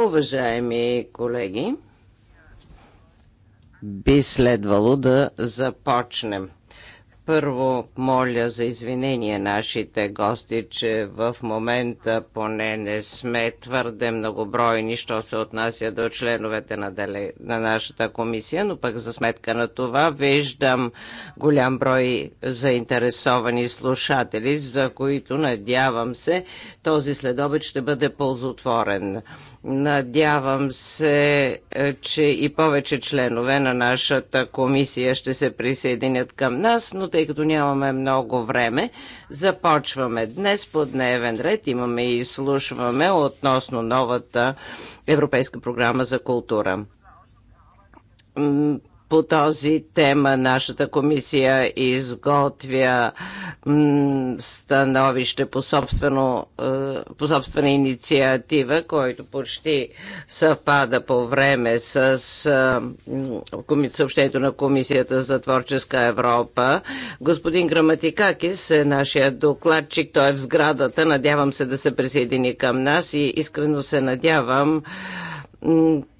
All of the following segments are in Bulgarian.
Уважаеми колеги, би следвало да започнем. Първо, моля за извинение нашите гости, че в момента поне не сме твърде многобройни, що се отнася до членовете на, деле, на нашата комисия, но пък за сметка на това виждам голям брой заинтересовани слушатели, за които надявам се този следобед ще бъде ползотворен. Надявам се, е, че и повече членове на нашата комисия ще се присъединят към нас, но тъй като нямаме много време, започваме днес по дневен ред. Имаме и изслушваме относно новата Европейска програма за култура по този тема. Нашата комисия изготвя становище по, собствено, е, по собствена инициатива, който почти съвпада по време с е, съобщението на Комисията за творческа Европа. Господин Граматикакис е нашия докладчик. Той е в сградата. Надявам се да се присъедини към нас и искрено се надявам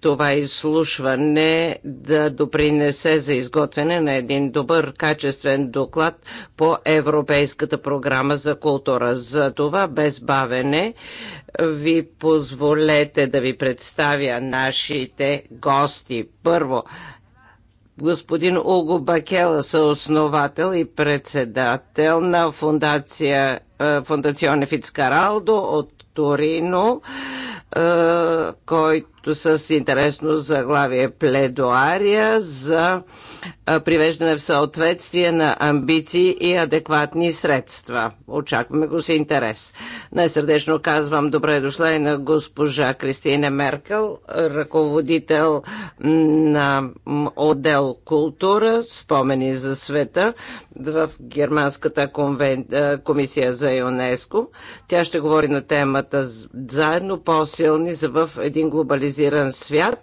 това изслушване да допринесе за изготвяне на един добър качествен доклад по Европейската програма за култура. За това без бавене ви позволете да ви представя нашите гости. Първо, господин Уго Бакела, съосновател и председател на фундация, е, фундационе Фицкаралдо от Торино, е, който с интересно заглавие пледуария за привеждане в съответствие на амбиции и адекватни средства. Очакваме го с интерес. Най-сърдечно казвам добре дошла и на госпожа Кристина Меркел, ръководител на отдел култура, спомени за света в Германската конвен... комисия за ЮНЕСКО. Тя ще говори на темата заедно по-силни за в един глобализиран цифровизиран свят,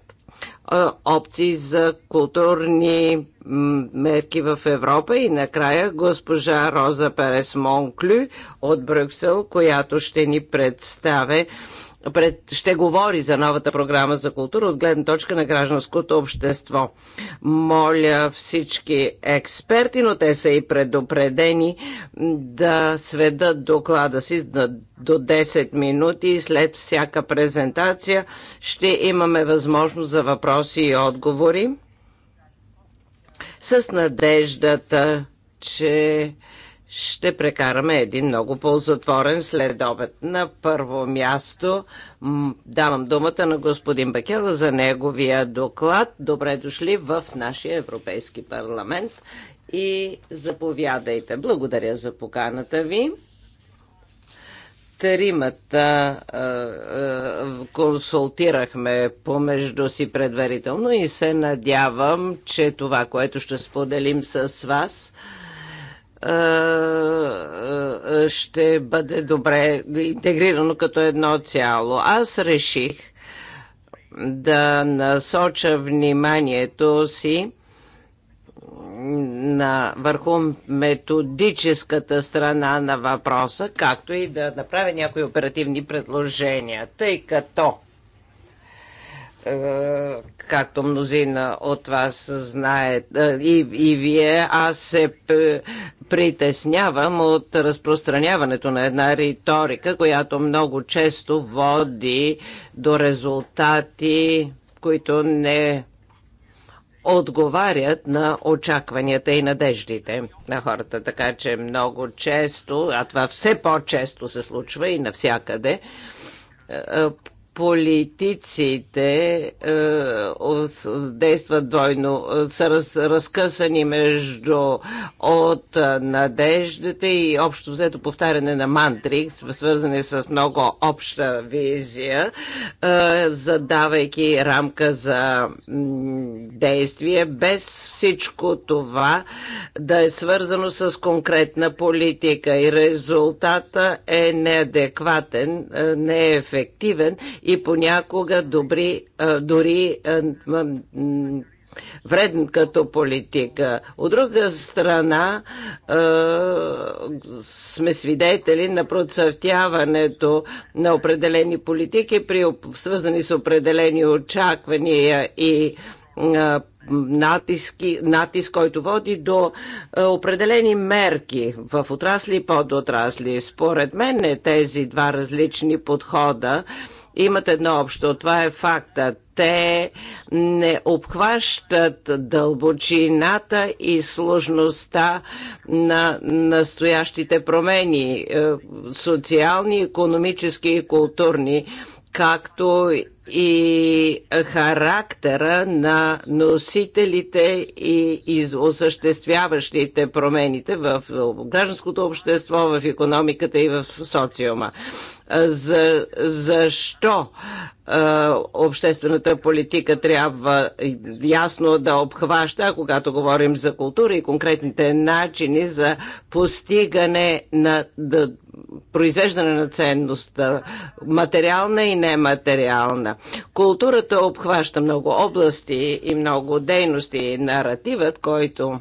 опции за културни мерки в Европа и накрая госпожа Роза Перес Монклю от Брюксел, която ще ни представе пред, ще говори за новата програма за култура от гледна точка на гражданското общество. Моля всички експерти, но те са и предупредени да сведат доклада си до 10 минути и след всяка презентация ще имаме възможност за въпроси и отговори с надеждата, че ще прекараме един много ползотворен следобед. На първо място давам думата на господин Бакела за неговия доклад. Добре дошли в нашия Европейски парламент и заповядайте. Благодаря за поканата ви тримата консултирахме помежду си предварително и се надявам, че това, което ще споделим с вас, е, е, е, ще бъде добре интегрирано като едно цяло. Аз реших да насоча вниманието си на, върху методическата страна на въпроса, както и да направя някои оперативни предложения, тъй като е, както мнозина от вас знаят е, и, и вие, аз се притеснявам от разпространяването на една риторика, която много често води до резултати, които не отговарят на очакванията и надеждите на хората. Така че много често, а това все по-често се случва и навсякъде, е, политиците е, действат двойно, е, са раз, разкъсани между от е, надеждата и общо взето повтаряне на мантри, свързани с много обща визия, е, задавайки рамка за действие, без всичко това да е свързано с конкретна политика и резултата е неадекватен, е, неефективен и и понякога добри, дори вреден като политика. От друга страна е, сме свидетели на процъфтяването на определени политики, при, свързани с определени очаквания и е, натиски, натиск, който води до е, определени мерки в отрасли и подотрасли. Според мен тези два различни подхода е, имат едно общо. Това е факта. Те не обхващат дълбочината и сложността на настоящите промени е, социални, економически и културни, както и характера на носителите и осъществяващите промените в гражданското общество, в економиката и в социума. За, защо обществената политика трябва ясно да обхваща, когато говорим за култура и конкретните начини за постигане на да, произвеждане на ценност, материална и нематериална. Културата обхваща много области и много дейности. Наративът, който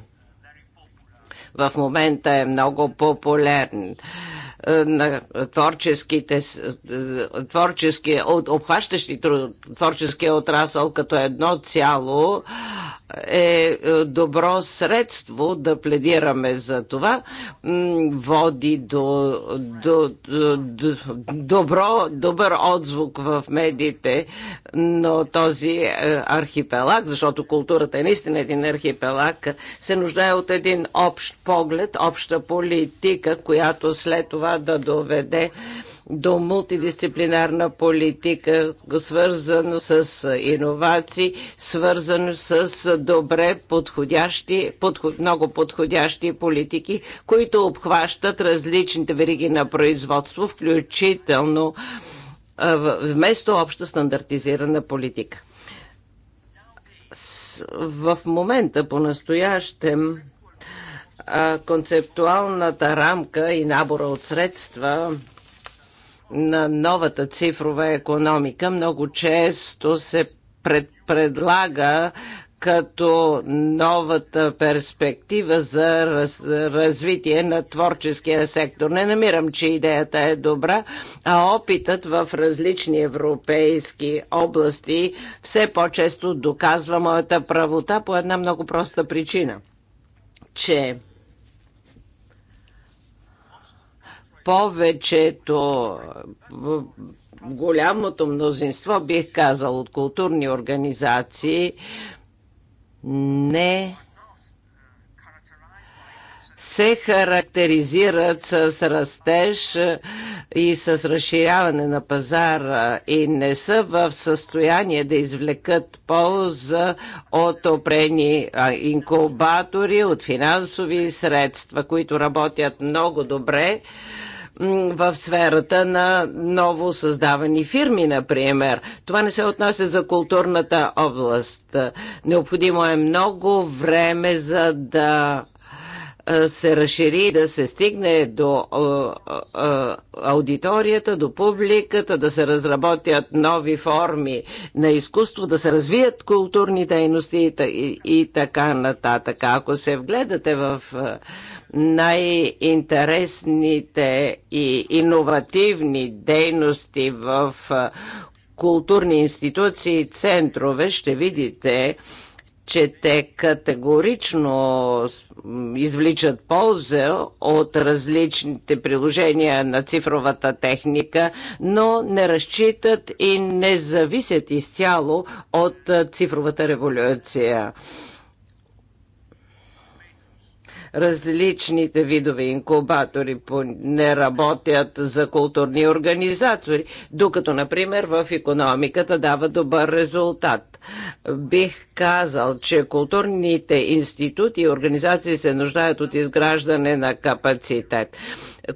в момента е много популярен е, на творческите, е, творчески, обхващащи творческия отрасъл като едно цяло е, е добро средство да пледираме за това. Води до, до, до, до добро, добър отзвук в медиите, но този архипелаг, защото културата е наистина един архипелаг, се нуждае от един общ поглед, обща политика, която след това това да доведе до мултидисциплинарна политика, свързано с иновации, свързано с добре подходящи, подход, много подходящи политики, които обхващат различните вериги на производство, включително вместо обща стандартизирана политика. В момента по-настоящем концептуалната рамка и набора от средства на новата цифрова економика много често се пред, предлага като новата перспектива за раз, развитие на творческия сектор. Не намирам, че идеята е добра, а опитът в различни европейски области все по-често доказва моята правота по една много проста причина, че повечето голямото мнозинство, бих казал, от културни организации не се характеризират с растеж и с разширяване на пазара и не са в състояние да извлекат полза от опрени инкубатори, от финансови средства, които работят много добре в сферата на ново създавани фирми, например. Това не се отнася за културната област. Необходимо е много време за да се разшири да се стигне до аудиторията, до публиката, да се разработят нови форми на изкуство, да се развият културни дейности и така нататък. Ако се вгледате в най-интересните и иновативни дейности в културни институции и центрове, ще видите, че те категорично извличат полза от различните приложения на цифровата техника, но не разчитат и не зависят изцяло от цифровата революция. Различните видове инкубатори не работят за културни организации, докато, например, в економиката дава добър резултат. Бих казал, че културните институти и организации се нуждаят от изграждане на капацитет,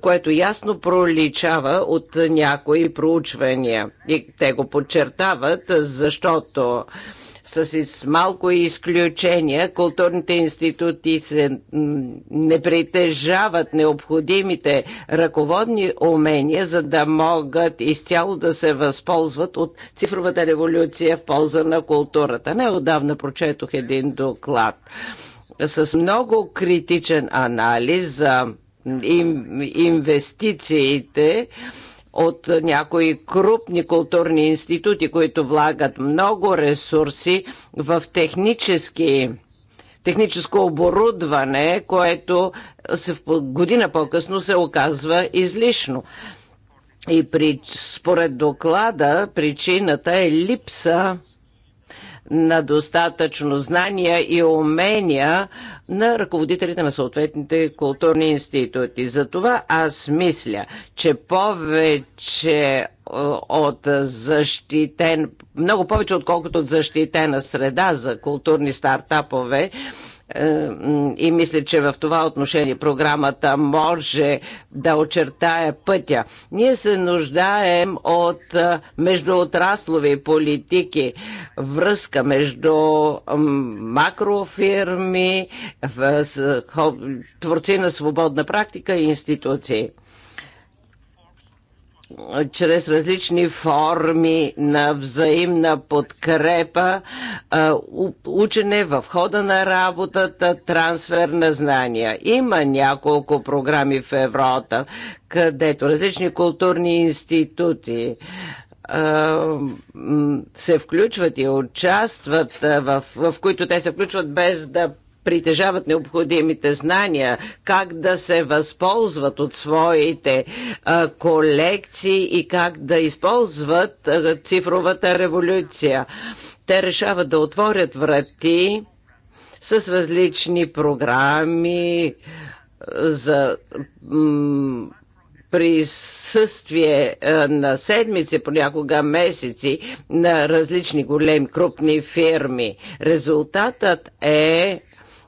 което ясно проличава от някои проучвания. И те го подчертават, защото с, с малко изключения културните институти се, не притежават необходимите ръководни умения, за да могат изцяло да се възползват от цифровата революция в полза на културата. Неодавна прочетох един доклад с много критичен анализ за инвестициите от някои крупни културни институти, които влагат много ресурси в технически техническо оборудване, което се в година по-късно се оказва излишно. И при, според доклада причината е липса на достатъчно знания и умения на ръководителите на съответните културни институти. Затова аз мисля, че повече е, от защитен, много повече отколкото от защитена среда за културни стартапове, е, и мисля, че в това отношение програмата може да очертае пътя. Ние се нуждаем от е, междуотраслови политики, връзка между макрофирми, творци на свободна практика и институции чрез различни форми на взаимна подкрепа, учене в хода на работата, трансфер на знания. Има няколко програми в Европа, където различни културни институти се включват и участват, в, в които те се включват без да притежават необходимите знания, как да се възползват от своите а, колекции и как да използват а, цифровата революция. Те решават да отворят врати с различни програми за присъствие на седмици, понякога месеци, на различни големи, крупни фирми. Резултатът е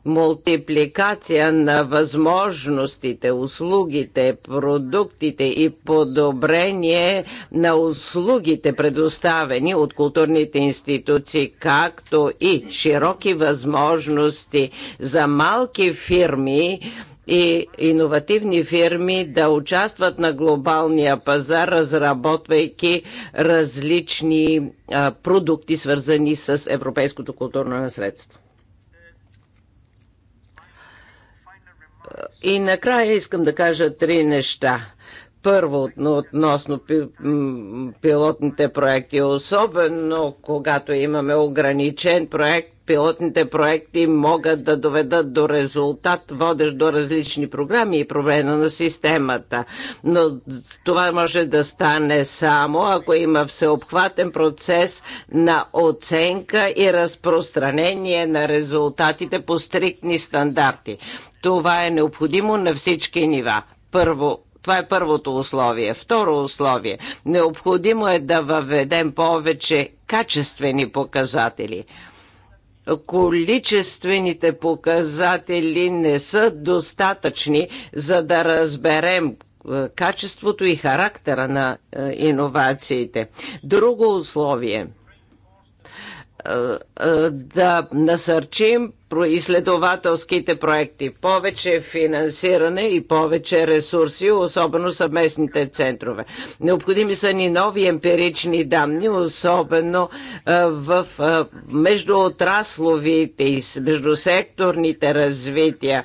мултипликация на възможностите, услугите, продуктите и подобрение на услугите, предоставени от културните институции, както и широки възможности за малки фирми, и иновативни фирми да участват на глобалния пазар, разработвайки различни а, продукти, свързани с европейското културно наследство. И накрая искам да кажа три неща първо относно пилотните проекти, особено когато имаме ограничен проект, пилотните проекти могат да доведат до резултат, водещ до различни програми и проблема на системата. Но това може да стане само ако има всеобхватен процес на оценка и разпространение на резултатите по стриктни стандарти. Това е необходимо на всички нива. Първо, това е първото условие. Второ условие. Необходимо е да въведем повече качествени показатели количествените показатели не са достатъчни, за да разберем е, качеството и характера на е, иновациите. Друго условие е, да насърчим изследователските проекти. Повече финансиране и повече ресурси, особено съвместните центрове. Необходими са ни нови емпирични данни, особено в междуотрасловите и междусекторните развития.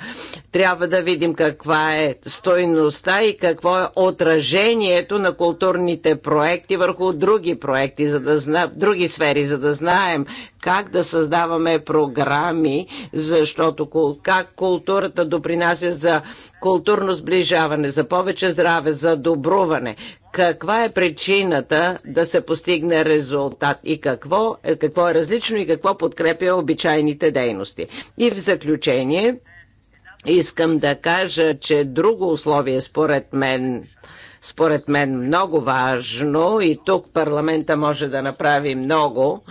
Трябва да видим каква е стойността и какво е отражението на културните проекти върху други проекти, за да зна... други сфери, за да знаем как да създаваме програми, защото как културата допринася за културно сближаване, за повече здраве, за добруване, каква е причината да се постигне резултат и какво, е, какво е различно и какво подкрепя обичайните дейности. И в заключение искам да кажа, че друго условие според мен според мен много важно и тук парламента може да направи много,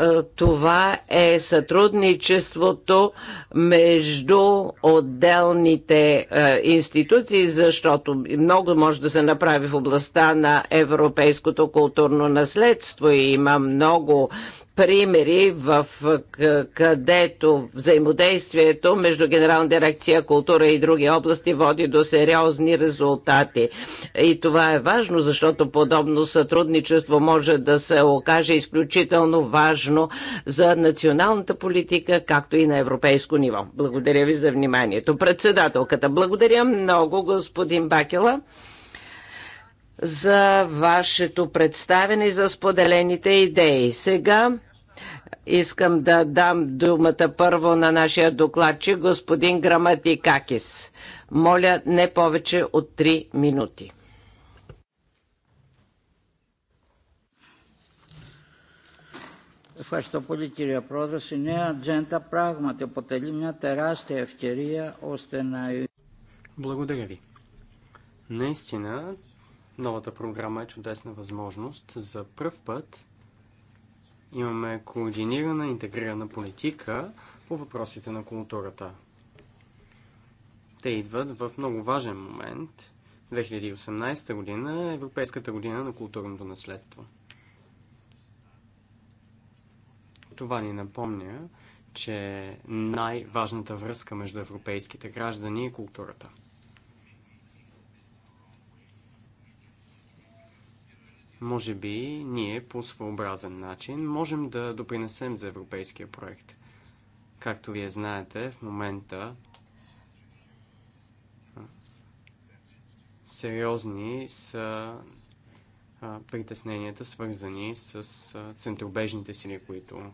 е, това е сътрудничеството между отделните е, институции, защото много може да се направи в областта на европейското културно наследство и има много примери, в където взаимодействието между Генерална дирекция култура и други области води до сериозни резултати. И това е важно, защото подобно сътрудничество може да се окаже изключително важно за националната политика, както и на европейско ниво. Благодаря ви за вниманието. Председателката, благодаря много, господин Бакела за вашето представене и за споделените идеи. Сега искам да дам думата първо на нашия докладчик, господин Граматикакис. Моля, не повече от 3 минути. Ευχαριστώ πολύ κύριε Πρόεδρος. Η νέα ατζέντα πράγματι αποτελεί μια τεράστια ευκαιρία ώστε να... Благодаря ви. Наистина, Новата програма е чудесна възможност. За пръв път имаме координирана, интегрирана политика по въпросите на културата. Те идват в много важен момент. 2018 година е Европейската година на културното наследство. Това ни напомня, че най-важната връзка между европейските граждани е културата – Може би ние по своеобразен начин можем да допринесем за европейския проект. Както вие знаете, в момента сериозни са притесненията, свързани с центробежните сили, които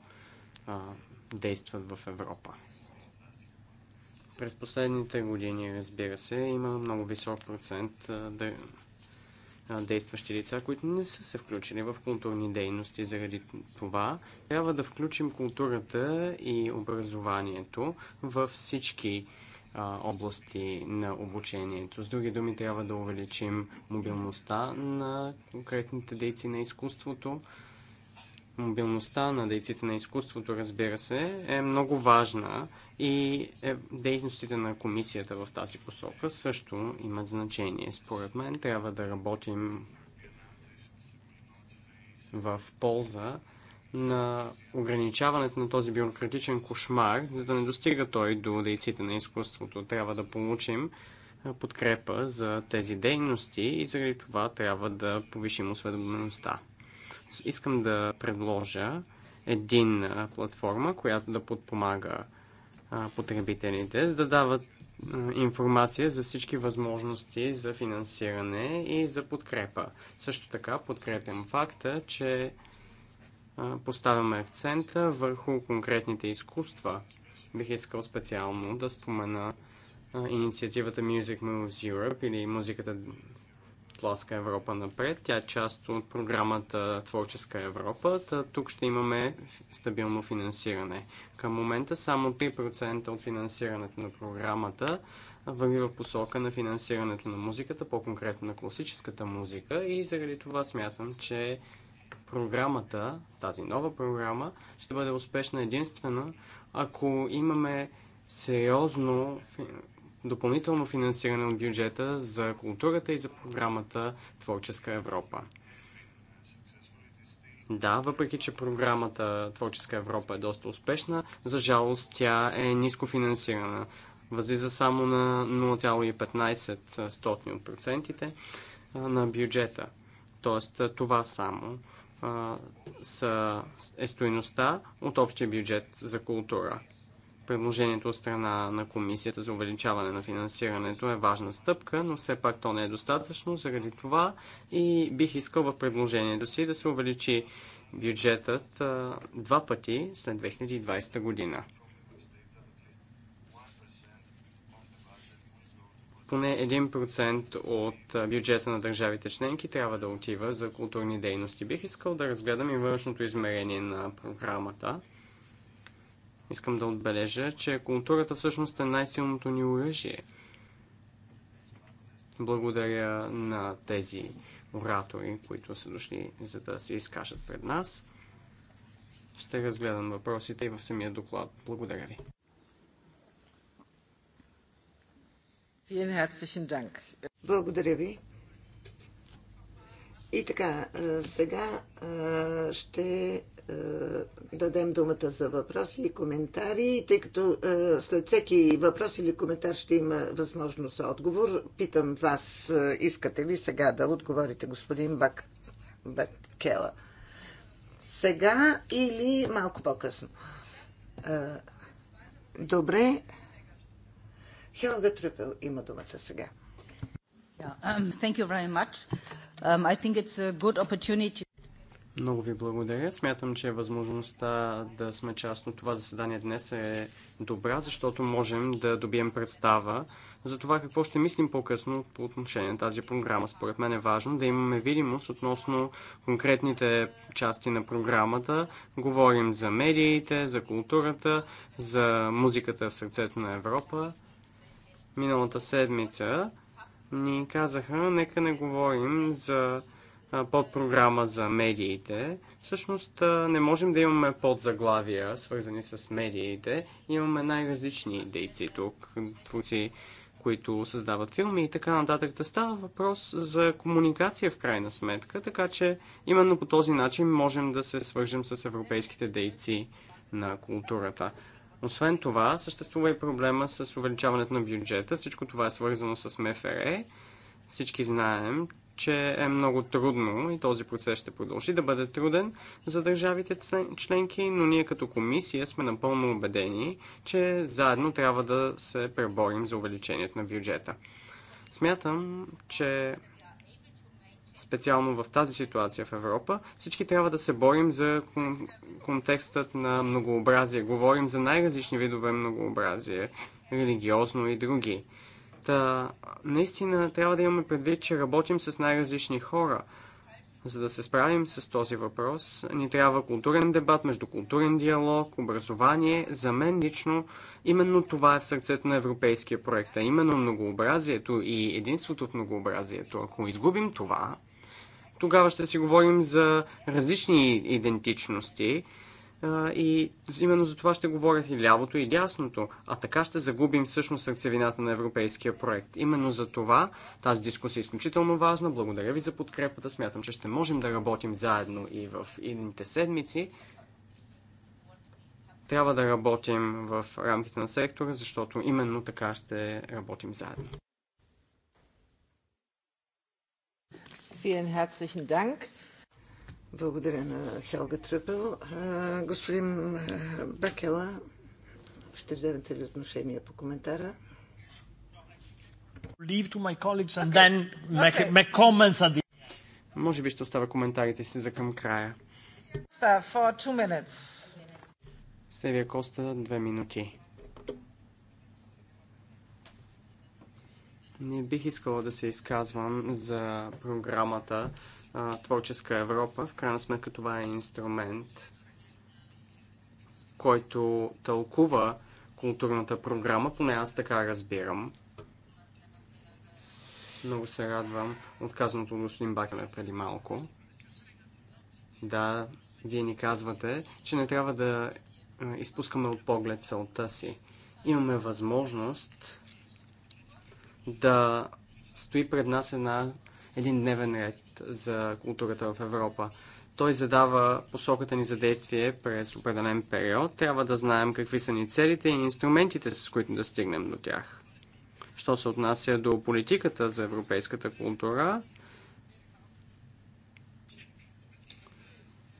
действат в Европа. През последните години, разбира се, има много висок процент да, действащи лица, които не са се включили в културни дейности. Заради това трябва да включим културата и образованието във всички области на обучението. С други думи, трябва да увеличим мобилността на конкретните дейци на изкуството, Мобилността на дейците на изкуството, разбира се, е много важна и е, дейностите на комисията в тази посока също имат значение. Според мен трябва да работим в полза на ограничаването на този бюрократичен кошмар, за да не достига той до дейците на изкуството. Трябва да получим подкрепа за тези дейности и заради това трябва да повишим осведомеността искам да предложа един платформа, която да подпомага потребителите, за да дават информация за всички възможности за финансиране и за подкрепа. Също така подкрепям факта, че поставяме акцента върху конкретните изкуства. Бих искал специално да спомена инициативата Music Moves Europe или музиката тласка Европа напред. Тя е част от програмата Творческа Европа. Та тук ще имаме стабилно финансиране. Към момента само 3% от финансирането на програмата върви в посока на финансирането на музиката, по-конкретно на класическата музика и заради това смятам, че програмата, тази нова програма, ще бъде успешна единствено, ако имаме сериозно допълнително финансиране от бюджета за културата и за програмата Творческа Европа. Да, въпреки че програмата Творческа Европа е доста успешна, за жалост тя е ниско финансирана. Възлиза само на 0,15 стотни от процентите на бюджета. Тоест това само е стоеността от общия бюджет за култура. Предложението от страна на Комисията за увеличаване на финансирането е важна стъпка, но все пак то не е достатъчно. Заради това и бих искал в предложението си да се увеличи бюджетът два пъти след 2020 година. поне 1% от бюджета на държавите членки трябва да отива за културни дейности. Бих искал да разгледам и външното измерение на програмата. Искам да отбележа, че културата всъщност е най-силното ни оръжие. Благодаря на тези оратори, които са дошли за да се изкажат пред нас. Ще разгледам въпросите и в самия доклад. Благодаря ви. Благодаря ви. И така, сега ще е, дадем думата за въпроси или коментари. Тъй като е, след всеки въпрос или коментар ще има възможност за отговор, питам вас, е, искате ли сега да отговорите, господин Бак, Бакела? Сега или малко по-късно? Добре. Хелга Трюпел има думата сега. Yeah, um, thank you very much. Um, I think it's a good opportunity. Много ви благодаря. Смятам, че възможността да сме част от това заседание днес е добра, защото можем да добием представа за това какво ще мислим по-късно по отношение на тази програма. Според мен е важно да имаме видимост относно конкретните части на програмата. Говорим за медиите, за културата, за музиката в сърцето на Европа. Миналата седмица ни казаха, нека не говорим за подпрограма за медиите, всъщност не можем да имаме подзаглавия, свързани с медиите. Имаме най-различни дейци тук, творци, които създават филми и така нататък. Да става въпрос за комуникация в крайна сметка, така че именно по този начин можем да се свържем с европейските дейци на културата. Освен това, съществува и проблема с увеличаването на бюджета. Всичко това е свързано с МФР. Всички знаем, че е много трудно и този процес ще продължи да бъде труден за държавите членки, но ние като комисия сме напълно убедени, че заедно трябва да се преборим за увеличението на бюджета. Смятам, че специално в тази ситуация в Европа, всички трябва да се борим за контекстът на многообразие. Говорим за най-различни видове многообразие, религиозно и други. Та, наистина трябва да имаме предвид, че работим с най-различни хора. За да се справим с този въпрос, ни трябва културен дебат, междукултурен диалог, образование. За мен лично именно това е в сърцето на европейския проект, а именно многообразието и единството в многообразието. Ако изгубим това, тогава ще си говорим за различни идентичности и именно за това ще говорят и лявото и дясното, а така ще загубим всъщност сърцевината на европейския проект. Именно за това тази дискусия е изключително важна. Благодаря ви за подкрепата. Смятам, че ще можем да работим заедно и в идните седмици. Трябва да работим в рамките на сектора, защото именно така ще работим заедно. Vielen herzlichen Dank. Благодаря на Хелга Тръпел. Господин Бекела, ще вземете ли отношение по коментара? Okay. Make, make the... Може би ще оставя коментарите си за към края. Севия Коста, две минути. Не бих искала да се изказвам за програмата а, Творческа Европа. В крайна сметка това е инструмент, който тълкува културната програма, поне аз така разбирам. Много се радвам отказаното от господин Бакеле преди малко. Да, вие ни казвате, че не трябва да изпускаме от поглед целта си. Имаме възможност да стои пред нас една един дневен ред за културата в Европа. Той задава посоката ни за действие през определен период. Трябва да знаем какви са ни целите и инструментите, с които да стигнем до тях. Що се отнася до политиката за европейската култура,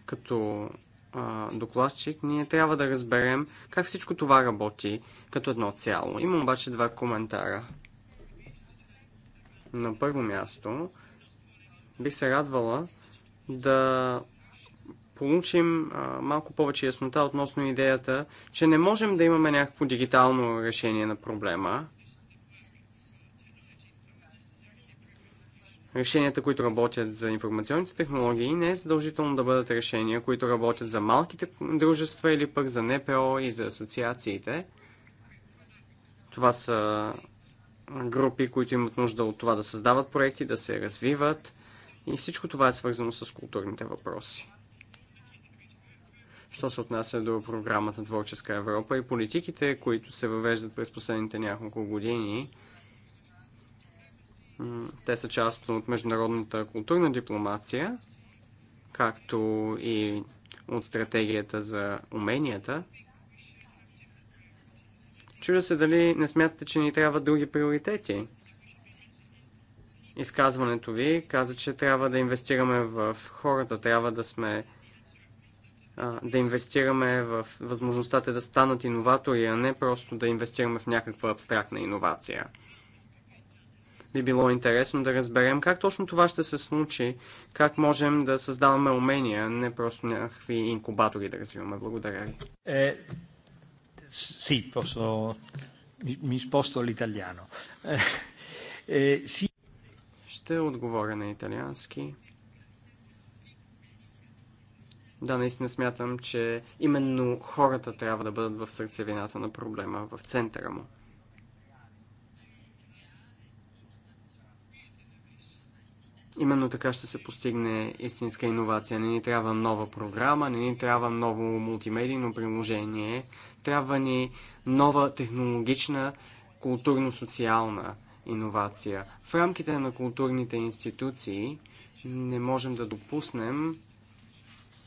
като а, докладчик, ние трябва да разберем как всичко това работи като едно цяло. Имам обаче два коментара. На първо място, бих се радвала да получим а, малко повече яснота относно идеята, че не можем да имаме някакво дигитално решение на проблема. Решенията, които работят за информационните технологии, не е задължително да бъдат решения, които работят за малките дружества или пък за НПО и за асоциациите. Това са групи, които имат нужда от това да създават проекти, да се развиват. И всичко това е свързано с културните въпроси. Що се отнася до програмата Творческа Европа и политиките, които се въвеждат през последните няколко години, те са част от международната културна дипломация, както и от стратегията за уменията. Чудя се дали не смятате, че ни трябва други приоритети. Изказването ви каза, че трябва да инвестираме в хората, трябва да сме да инвестираме в възможността те да станат иноватори, а не просто да инвестираме в някаква абстрактна иновация. Би било интересно да разберем как точно това ще се случи, как можем да създаваме умения, не просто някакви инкубатори да развиваме. Благодаря ви. Е, Sì, posso, mi, mi sposto all'italiano. Eh, eh, sì. Ще отговоря на италиански. Да, наистина смятам, че именно хората трябва да бъдат в сърцевината на проблема, в центъра му. Именно така ще се постигне истинска иновация. Не ни трябва нова програма, не ни трябва ново мултимедийно приложение. Трябва ни нова технологична, културно-социална иновация. В рамките на културните институции не можем да допуснем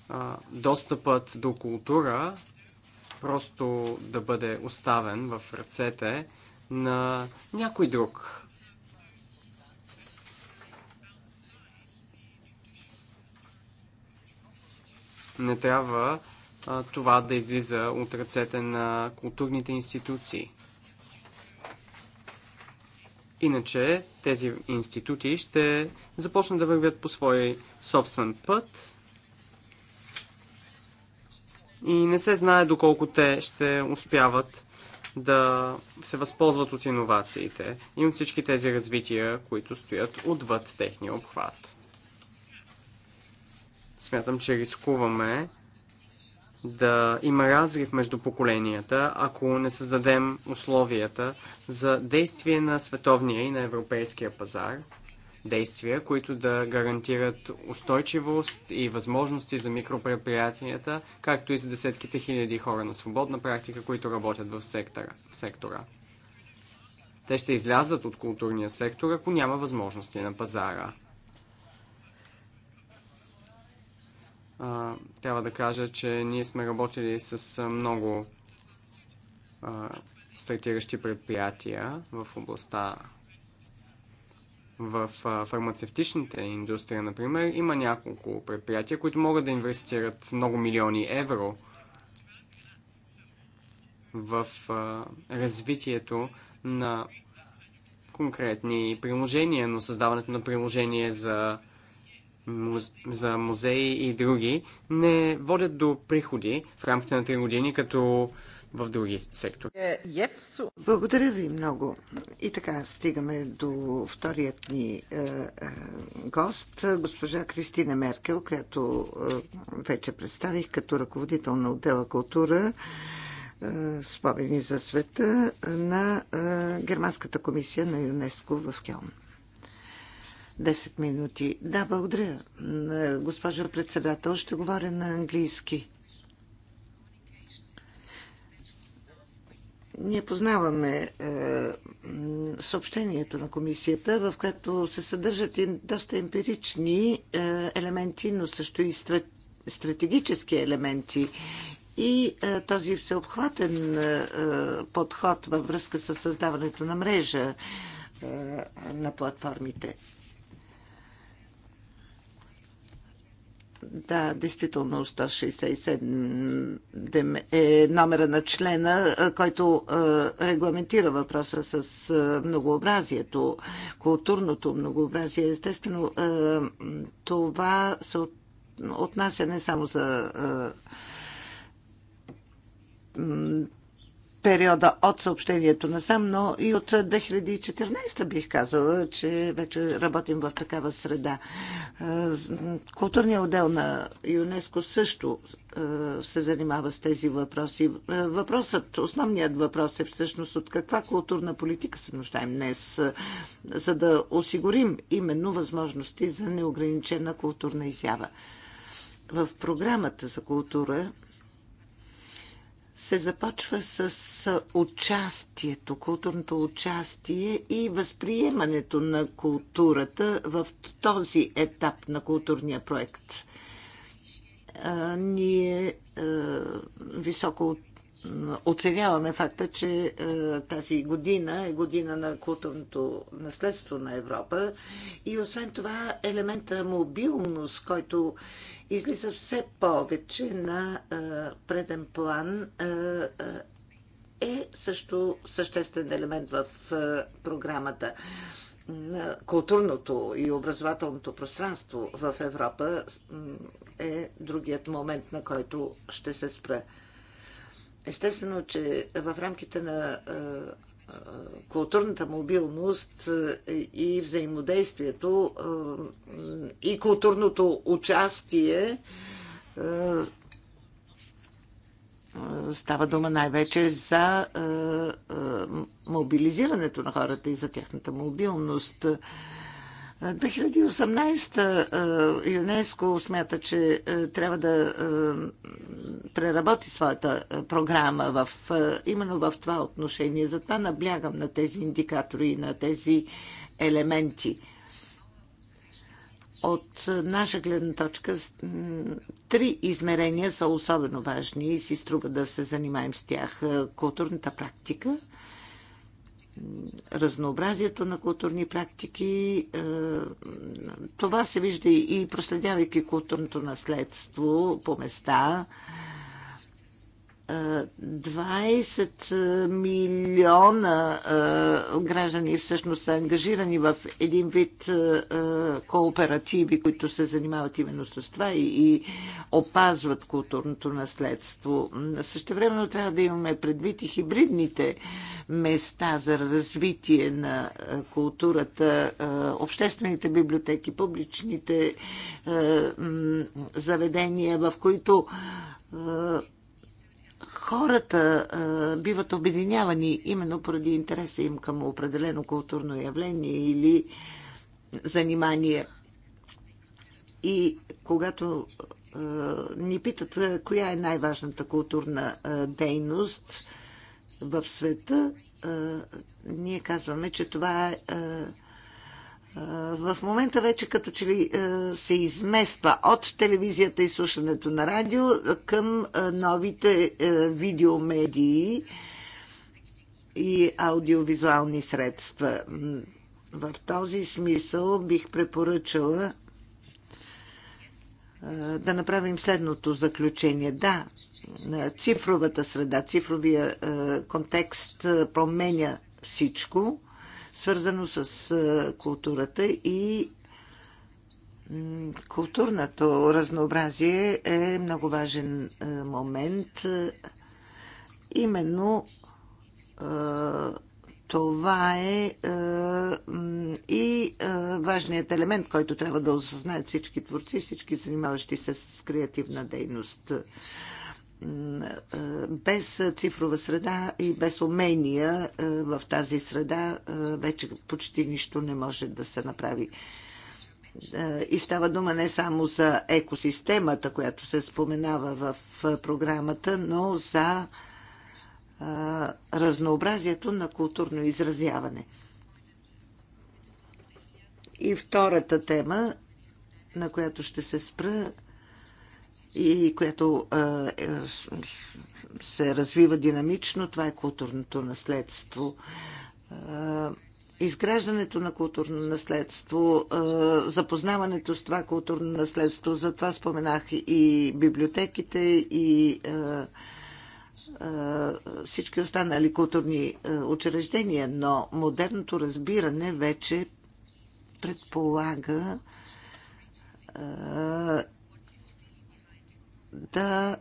а, достъпът до култура просто да бъде оставен в ръцете на някой друг Не трябва а, това да излиза от ръцете на културните институции. Иначе тези институти ще започнат да вървят по свой собствен път и не се знае доколко те ще успяват да се възползват от иновациите и от всички тези развития, които стоят отвъд техния обхват. Смятам, че рискуваме да има разрив между поколенията, ако не създадем условията за действие на световния и на европейския пазар. Действия, които да гарантират устойчивост и възможности за микропредприятията, както и за десетките хиляди хора на свободна практика, които работят в сектора. В сектора. Те ще излязат от културния сектор, ако няма възможности на пазара. трябва да кажа, че ние сме работили с много а, стартиращи предприятия в областта в фармацевтичната индустрия, например, има няколко предприятия, които могат да инвестират много милиони евро в развитието на конкретни приложения, но създаването на приложение за за музеи и други не водят до приходи в рамките на 3 години, като в други сектори. Е, Благодаря ви много. И така, стигаме до вторият ни е, е, гост, госпожа Кристина Меркел, която е, вече представих като ръководител на отдела култура е, спомени за света на е, Германската комисия на ЮНЕСКО в Келн. 10 минути. Да, благодаря. Госпожа председател, ще говоря на английски. Ние познаваме е, съобщението на комисията, в което се съдържат и доста емпирични е, елементи, но също и страт, стратегически елементи. И е, този всеобхватен е, подход във връзка с създаването на мрежа е, на платформите. Да, действително 167 е номера на члена, който регламентира въпроса с многообразието, културното многообразие. Естествено, това се отнася не само за периода от съобщението насам, но и от 2014 бих казала, че вече работим в такава среда. Е, културният отдел на ЮНЕСКО също е, се занимава с тези въпроси. Е, въпросът, основният въпрос е всъщност от каква културна политика се нуждаем днес, за да осигурим именно възможности за неограничена културна изява. В програмата за култура се започва с участието, културното участие и възприемането на културата в този етап на културния проект. Ние високо оценяваме факта, че е, тази година е година на културното наследство на Европа и освен това елемента мобилност, който излиза все повече на е, преден план, е, е също съществен елемент в програмата на културното и образователното пространство в Европа е другият момент, на който ще се спра. Естествено, че в рамките на културната мобилност и взаимодействието и културното участие става дума най-вече за мобилизирането на хората и за тяхната мобилност. 2018 ЮНЕСКО смята, че трябва да преработи своята програма в, именно в това отношение. Затова наблягам на тези индикатори и на тези елементи. От наша гледна точка три измерения са особено важни и си струва да се занимаем с тях. Културната практика – разнообразието на културни практики. Е, това се вижда и проследявайки културното наследство по места. 20 милиона граждани всъщност са ангажирани в един вид кооперативи, които се занимават именно с това и опазват културното наследство. Също времено трябва да имаме предвид и хибридните места за развитие на културата, обществените библиотеки, публичните заведения, в които хората а, биват обединявани именно поради интереса им към определено културно явление или занимание. И когато а, ни питат а, коя е най-важната културна а, дейност в света, а, ние казваме, че това е а, в момента вече като че ли се измества от телевизията и слушането на радио към новите видеомедии и аудиовизуални средства. В този смисъл бих препоръчала да направим следното заключение. Да, цифровата среда, цифровия контекст променя всичко свързано с културата и културното разнообразие е много важен момент. Именно това е и важният елемент, който трябва да осъзнаят всички творци, всички занимаващи се с креативна дейност без цифрова среда и без умения е, в тази среда е, вече почти нищо не може да се направи. Е, и става дума не само за екосистемата, която се споменава в програмата, но за разнообразието на културно изразяване. И втората тема, на която ще се спра, и е, се развива динамично, това е културното наследство. Изграждането на културно наследство, запознаването с това културно наследство, затова споменах и библиотеките, и всички останали културни учреждения, но модерното разбиране вече предполага да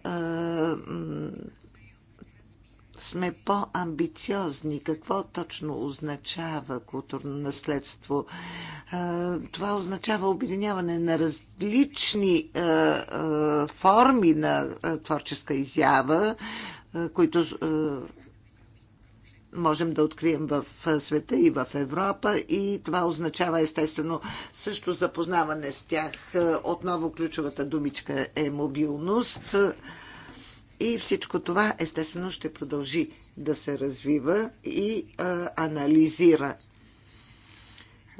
сме по-амбициозни. Какво точно означава културно наследство? Това означава обединяване на различни форми на творческа изява, които можем да открием в света и в Европа и това означава естествено също запознаване с тях. Е, отново ключовата думичка е мобилност и всичко това естествено ще продължи да се развива и а, е, анализира.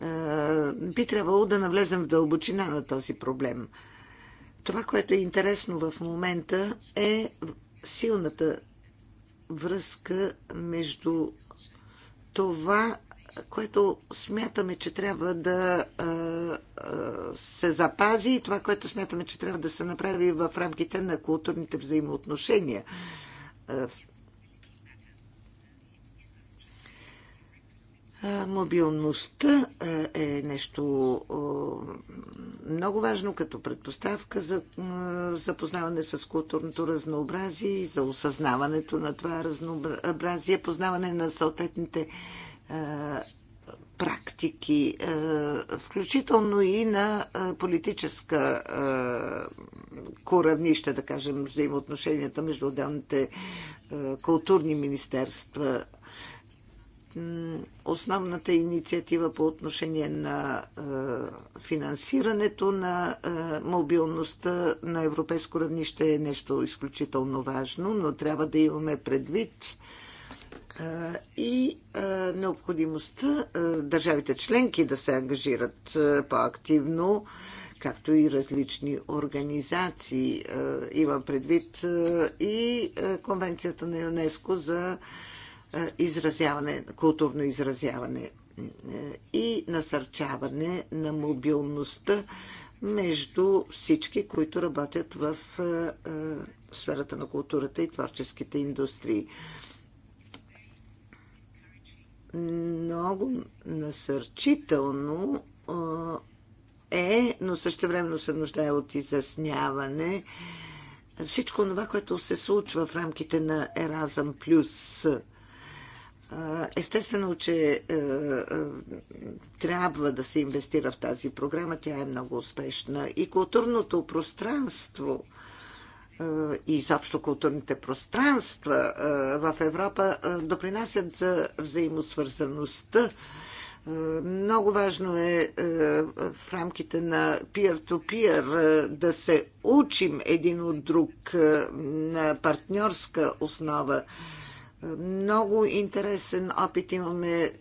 А, е, би трябвало да навлезем в дълбочина на този проблем. Това, което е интересно в момента е силната връзка между това, което смятаме, че трябва да а, а, се запази и това, което смятаме, че трябва да се направи в рамките на културните взаимоотношения. Мобилността е нещо много важно като предпоставка за запознаване с културното разнообразие и за осъзнаването на това разнообразие, познаване на съответните практики, включително и на политическа коравнища, да кажем, взаимоотношенията между отделните културни министерства основната инициатива по отношение на е, финансирането на е, мобилността на европейско равнище е нещо изключително важно, но трябва да имаме предвид е, и необходимостта държавите членки да се ангажират по-активно както и различни организации. Имам предвид и Конвенцията на ЮНЕСКО за изразяване, културно изразяване и насърчаване на мобилността между всички, които работят в сферата на културата и творческите индустрии. Много насърчително е, но времено се нуждае от изясняване всичко това, което се случва в рамките на Еразъм Плюс – Естествено, че е, е, трябва да се инвестира в тази програма. Тя е много успешна. И културното пространство е, и изобщо културните пространства в Европа допринасят за взаимосвързаността. Много важно е в рамките на peer-to-peer -peer да се учим един от друг на партньорска основа много интересен опит имаме е,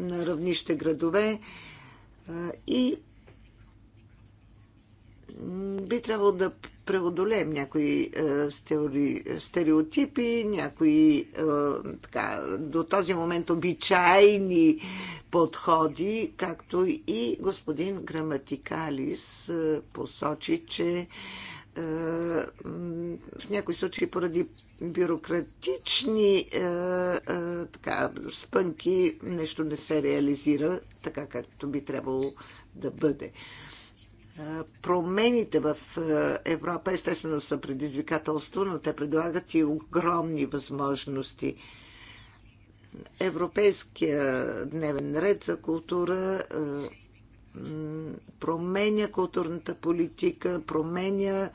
на равнище градове е, и би трябвало да преодолеем някои е, стереотипи, някои така, до този момент обичайни подходи, както и господин Граматикалис посочи, че е, в някои случаи поради бюрократични е, е, така, спънки нещо не се реализира така, както би трябвало да бъде. Промените в Европа естествено са предизвикателство, но те предлагат и огромни възможности. Европейския дневен ред за култура променя културната политика, променя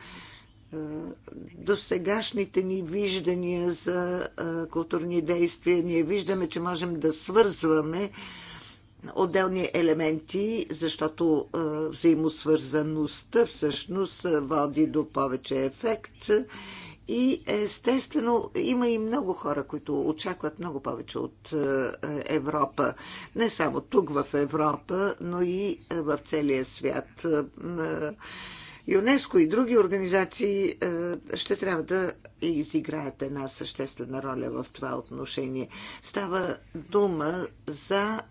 досегашните ни виждания за културни действия. Ние виждаме, че можем да свързваме отделни елементи, защото взаимосвързаността всъщност води до повече ефект и естествено има и много хора, които очакват много повече от е, Европа. Не само тук в Европа, но и е, в целия свят. Е, ЮНЕСКО и други организации ще трябва да изиграят една съществена роля в това отношение. Става дума за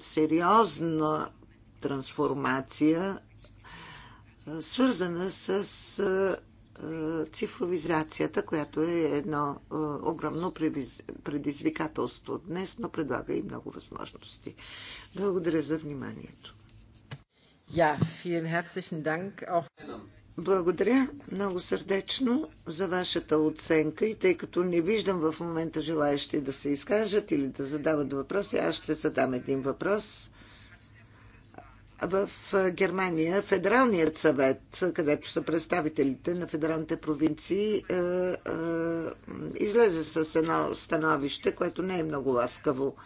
сериозна трансформация, свързана с е, цифровизацията, която е едно е, огромно предизвикателство днес, но предлага и много възможности. Благодаря за вниманието. Ja, vielen herzlichen Dank auch. Благодаря много сърдечно за вашата оценка и тъй като не виждам в момента желаящи да се изкажат или да задават въпроси, аз ще задам един въпрос в Германия Федералният съвет, където са представителите на федералните провинции, е, е, излезе с едно становище, което не е много ласкаво.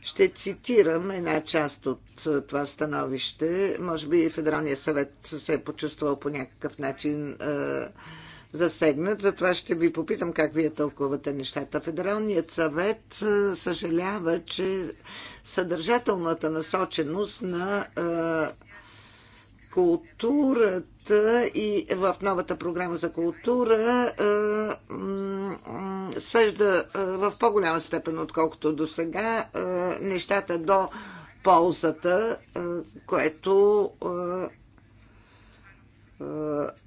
Ще цитирам една част от е, това становище. Може би Федералният съвет се е почувствал по някакъв начин засегнат. Затова ще ви попитам как вие тълкувате нещата. Федералният съвет е, съжалява, че съдържателната насоченост на е, културата и в новата програма за култура е, свежда в по-голяма степен, отколкото до сега, нещата до ползата, което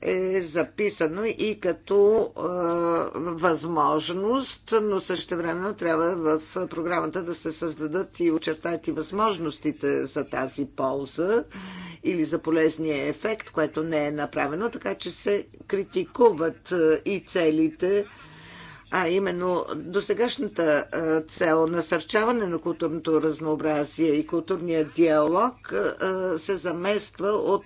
е записано и като възможност, но също времено трябва в програмата да се създадат и очертати възможностите за тази полза или за полезния ефект, което не е направено, така че се критикуват и целите а именно досегашната цел насърчаване на културното разнообразие и културния диалог се замества от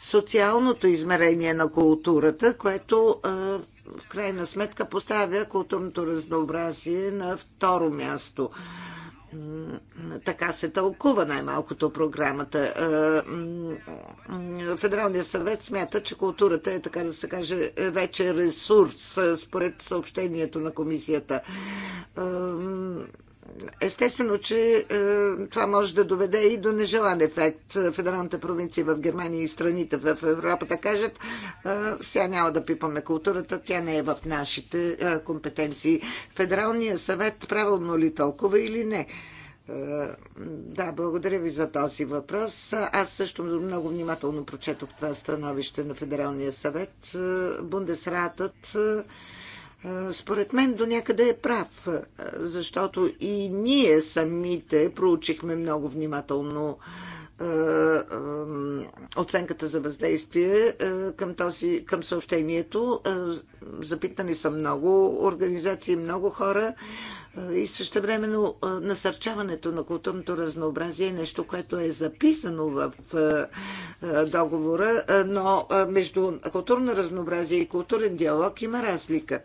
социалното измерение на културата, което в крайна сметка поставя културното разнообразие на второ място. Така се тълкува най-малкото програмата. Федералният съвет смята, че културата е, така да се каже, вече ресурс, според съобщението на комисията Естествено, че е, това може да доведе и до нежелан ефект. Федералните провинции в Германия и страните в Европа да кажат, е, сега няма да пипаме културата, тя не е в нашите е, компетенции. Федералният съвет правилно ли толкова или не? Да, благодаря ви за този въпрос. Аз също много внимателно прочетох това становище на Федералния съвет. Бундесратът според мен до някъде е прав, защото и ние самите проучихме много внимателно оценката за въздействие към, този, към съобщението. Запитани са много организации, много хора. И също времено насърчаването на културното разнообразие е нещо, което е записано в договора, но между културно разнообразие и културен диалог има разлика.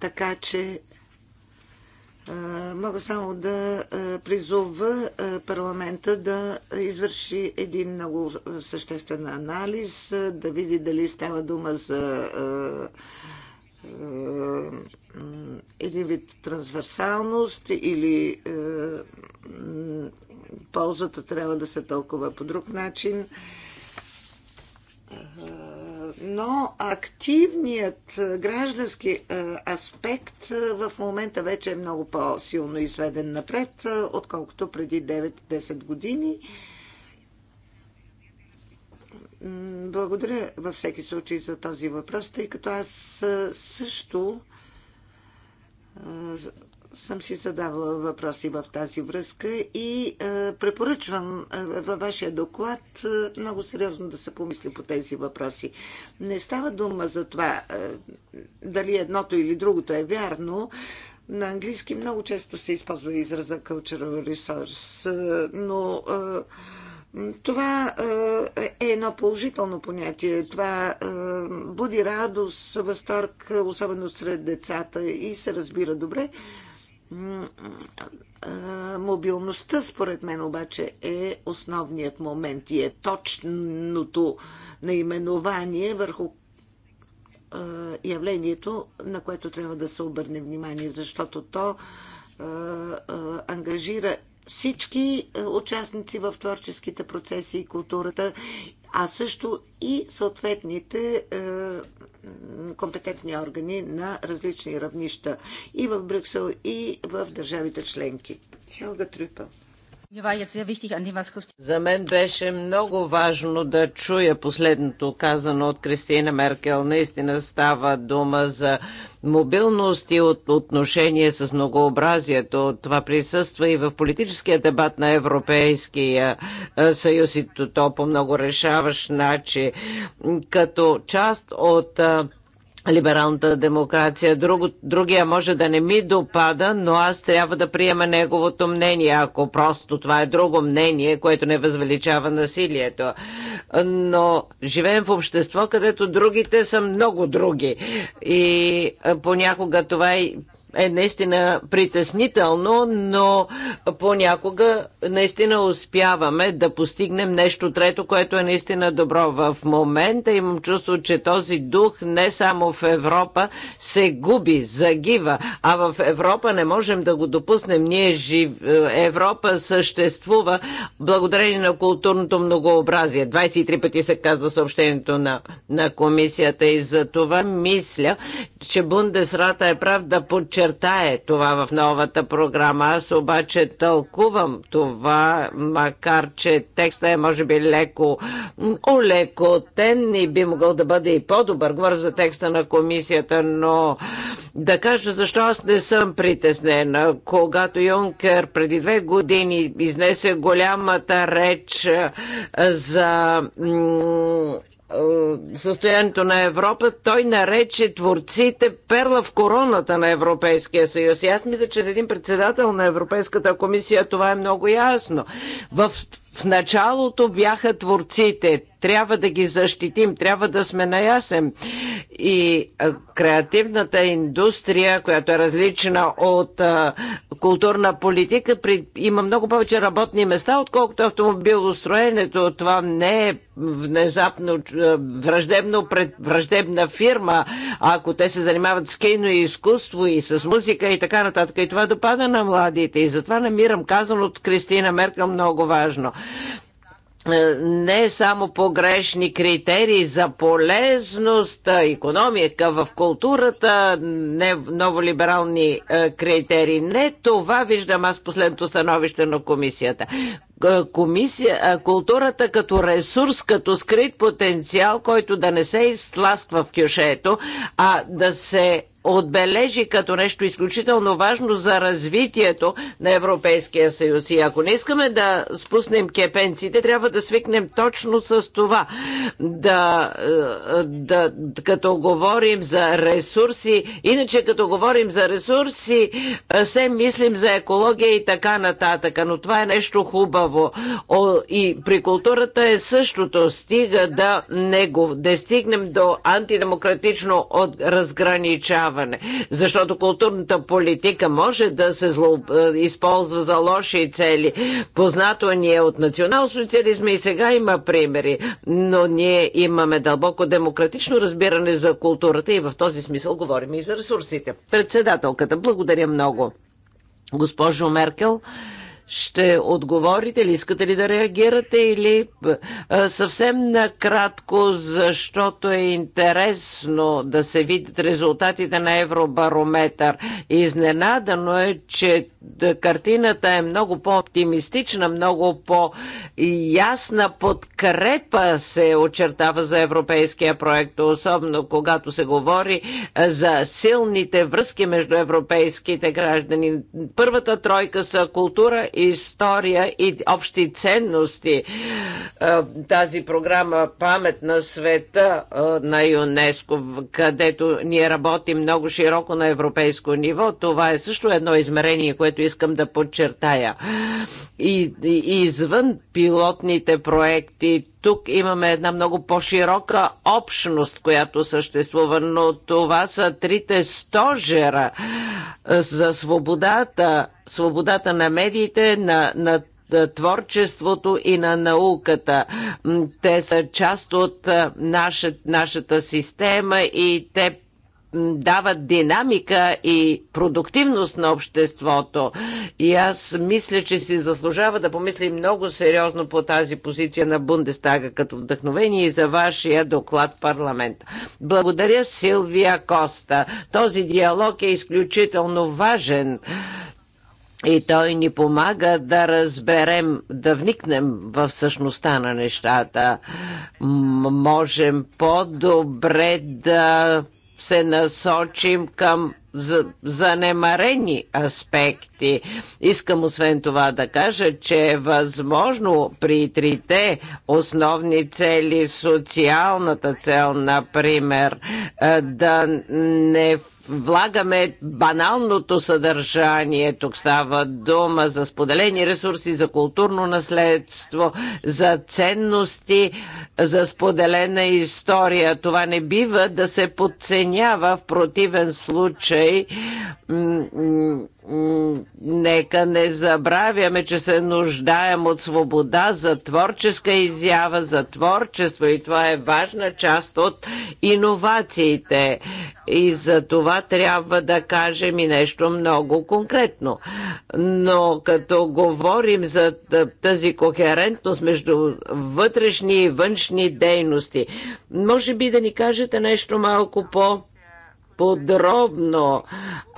Така че мога само да призова парламента да извърши един много съществен анализ, да види дали става дума за един вид трансверсалност или е, ползата трябва да се толкова по друг начин. Е, но активният е, граждански е, аспект в момента вече е много по-силно изведен напред, отколкото преди 9-10 години. Благодаря във всеки случай за този въпрос, тъй като аз също съм си задавала въпроси в тази връзка и е, препоръчвам е, във вашия доклад е, много сериозно да се помисли по тези въпроси. Не става дума за това дали едното или другото е вярно. На английски много често се използва израза cultural resource, но това е, е едно положително понятие. Това е, буди радост, възторг, особено сред децата и се разбира добре. Мобилността, според мен, обаче е основният момент и е точното наименование върху явлението, на което трябва да се обърне внимание, защото то ангажира всички е, участници в творческите процеси и културата, а също и съответните е, компетентни органи на различни равнища и в Брюксел, и в държавите членки. Хелга Трюпел. За мен беше много важно да чуя последното казано от Кристина Меркел. Наистина става дума за мобилност и от отношение с многообразието. Това присъства и в политическия дебат на Европейския е, съюз и то по много решаващ начин. Като част от е, либералната демокрация. Друг, другия може да не ми допада, но аз трябва да приема неговото мнение, ако просто това е друго мнение, което не възвеличава насилието. Но живеем в общество, където другите са много други. И понякога това е е наистина притеснително, но понякога наистина успяваме да постигнем нещо трето, което е наистина добро. В момента имам чувство, че този дух не само в Европа се губи, загива, а в Европа не можем да го допуснем. Ние жив... Е, Европа съществува благодарение на културното многообразие. 23 пъти се казва съобщението на, на комисията и за това мисля, че Бундесрата е прав да подчерта подчертае това в новата програма. Аз обаче тълкувам това, макар че текста е може би леко улекотен и би могъл да бъде и по-добър. Говоря за текста на комисията, но да кажа защо аз не съм притеснена. Когато Юнкер преди две години изнесе голямата реч за е, състоянието на Европа, той нарече творците перла в короната на Европейския съюз. И аз мисля, че за един председател на Европейската комисия това е много ясно. В в началото бяха творците, трябва да ги защитим, трябва да сме наясен. И креативната индустрия, която е различна от културна политика, има много повече работни места, отколкото автомобилостроенето. Това не е внезапно враждебно пред враждебна фирма, ако те се занимават с кино и изкуство и с музика и така нататък. И това допада на младите. И затова намирам казано от Кристина Меркел много важно. Е, не само погрешни критерии за полезност, економика в културата, не новолиберални е, критерии. Не това виждам аз последното становище на комисията. Е, комисия, културата като ресурс, като скрит потенциал, който да не се изтласква в кюшето, а да се отбележи като нещо изключително важно за развитието на Европейския съюз. И ако не искаме да спуснем кепенците, трябва да свикнем точно с това. Да, е, да, като говорим за ресурси, иначе като говорим за ресурси, е, все мислим за екология и така нататък. Но това е нещо хубаво. и при културата е същото. Стига да не го, да стигнем до антидемократично от разграничаване разминаване, Защото културната политика може да се зло... Е, използва за лоши цели. Познато ни е от национал-социализма и сега има примери. Но ние имаме дълбоко демократично разбиране за културата и в този смисъл говорим и за ресурсите. Председателката, благодаря много. Госпожо Меркел, ще отговорите ли, искате ли да реагирате или съвсем накратко, защото е интересно да се видят резултатите на Евробарометър. Изненадано е, че картината е много по-оптимистична, много по-ясна подкрепа се очертава за европейския проект, особено когато се говори за силните връзки между европейските граждани. Първата тройка са култура история и общи ценности. Е, тази програма Памет на света е, на ЮНЕСКО, където ние работим много широко на европейско ниво, това е също едно измерение, което искам да подчертая. И, и извън пилотните проекти, тук имаме една много по-широка общност, която съществува, но това са трите стожера е, за свободата, свободата на медиите, на, на творчеството и на науката. Те са част от е, нашата система и те дават динамика и продуктивност на обществото. И аз мисля, че си заслужава да помисли много сериозно по тази позиция на Бундестага като вдъхновение и за вашия доклад парламента. Благодаря Силвия Коста. Този диалог е изключително важен. И той ни помага да разберем, да вникнем в същността на нещата. М можем по-добре да се насочим към за, занемарени аспекти. Искам освен това да кажа, че е възможно при трите основни цели, социалната цел, например, е, да не влагаме баналното съдържание. Тук става дума за споделени ресурси, за културно наследство, за ценности, за споделена история. Това не бива да се подценява в противен случай случай нека не забравяме, че се нуждаем от свобода за творческа изява, за творчество и това е важна част от иновациите. И за това трябва да кажем и нещо много конкретно. Но като говорим за тази кохерентност между вътрешни и външни дейности, може би да ни кажете нещо малко по- подробно.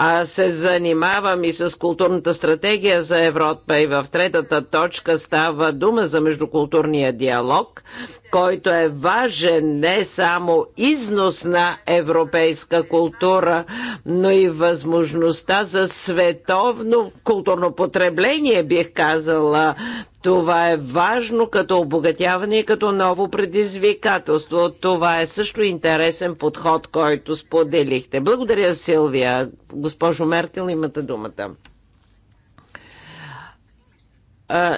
а се занимавам и с културната стратегия за Европа и в третата точка става дума за междукултурния диалог, който е важен не само износ на европейска култура, но и възможността за световно културно потребление, бих казала, това е важно като обогатяване и като ново предизвикателство. Това е също интересен подход, който споделихте. Благодаря, Силвия. Госпожо Меркел, имате думата.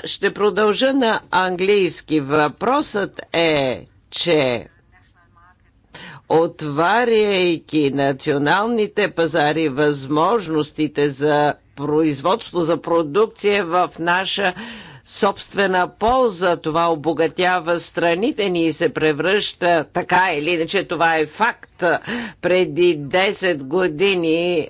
Ще продължа на английски. Въпросът е, че отваряйки националните пазари, възможностите за производство, за продукция в наша собствена полза. Това обогатява страните ни и се превръща така или иначе това е факт. Преди 10 години е,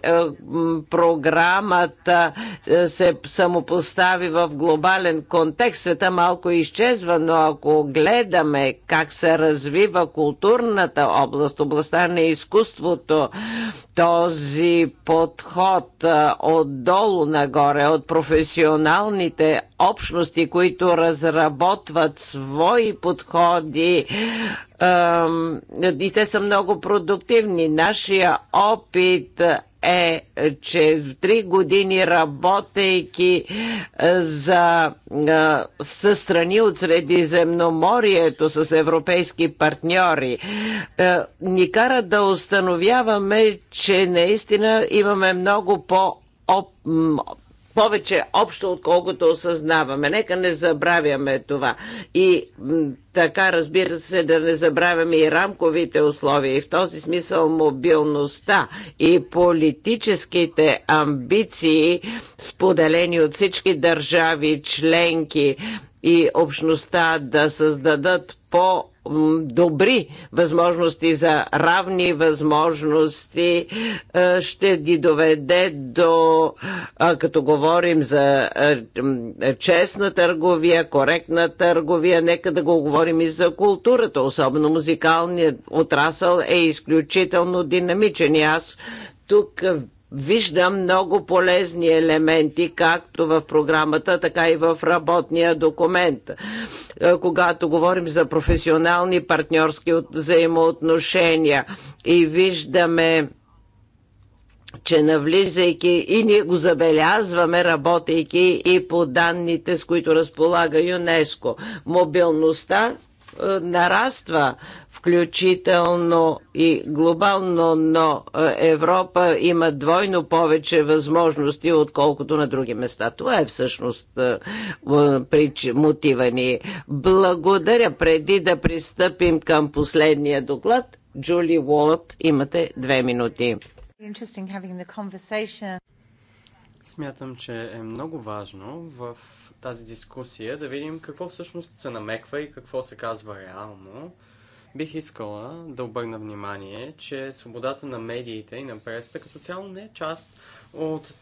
програмата е, се самопостави в глобален контекст. Света малко изчезва, но ако гледаме как се развива културната област, областта на изкуството, този подход е, отдолу нагоре, от професионалните общности, които разработват свои подходи и те са много продуктивни. Нашия опит е, че в три години работейки за, с страни от Средиземноморието, с европейски партньори, ни кара да установяваме, че наистина имаме много по повече общо, отколкото осъзнаваме. Нека не забравяме това. И така, разбира се, да не забравяме и рамковите условия. И в този смисъл мобилността и политическите амбиции, споделени от всички държави, членки и общността да създадат по добри възможности за равни възможности е, ще ги доведе до, е, като говорим за е, честна търговия, коректна търговия, нека да го говорим и за културата, особено музикалният отрасъл е изключително динамичен и аз тук виждам много полезни елементи, както в програмата, така и в работния документ. Е, когато говорим за професионални партньорски взаимоотношения и виждаме че навлизайки и ние го забелязваме, работейки и по данните, с които разполага ЮНЕСКО. Мобилността е, нараства включително и глобално, но е, Европа има двойно повече възможности, отколкото на други места. Това е всъщност е, е, мотива ни. Благодаря. Преди да пристъпим към последния доклад, Джули Уолт, имате две минути. Смятам, че е много важно в тази дискусия да видим какво всъщност се намеква и какво се казва реално Бих искала да обърна внимание, че свободата на медиите и на пресата като цяло не е част от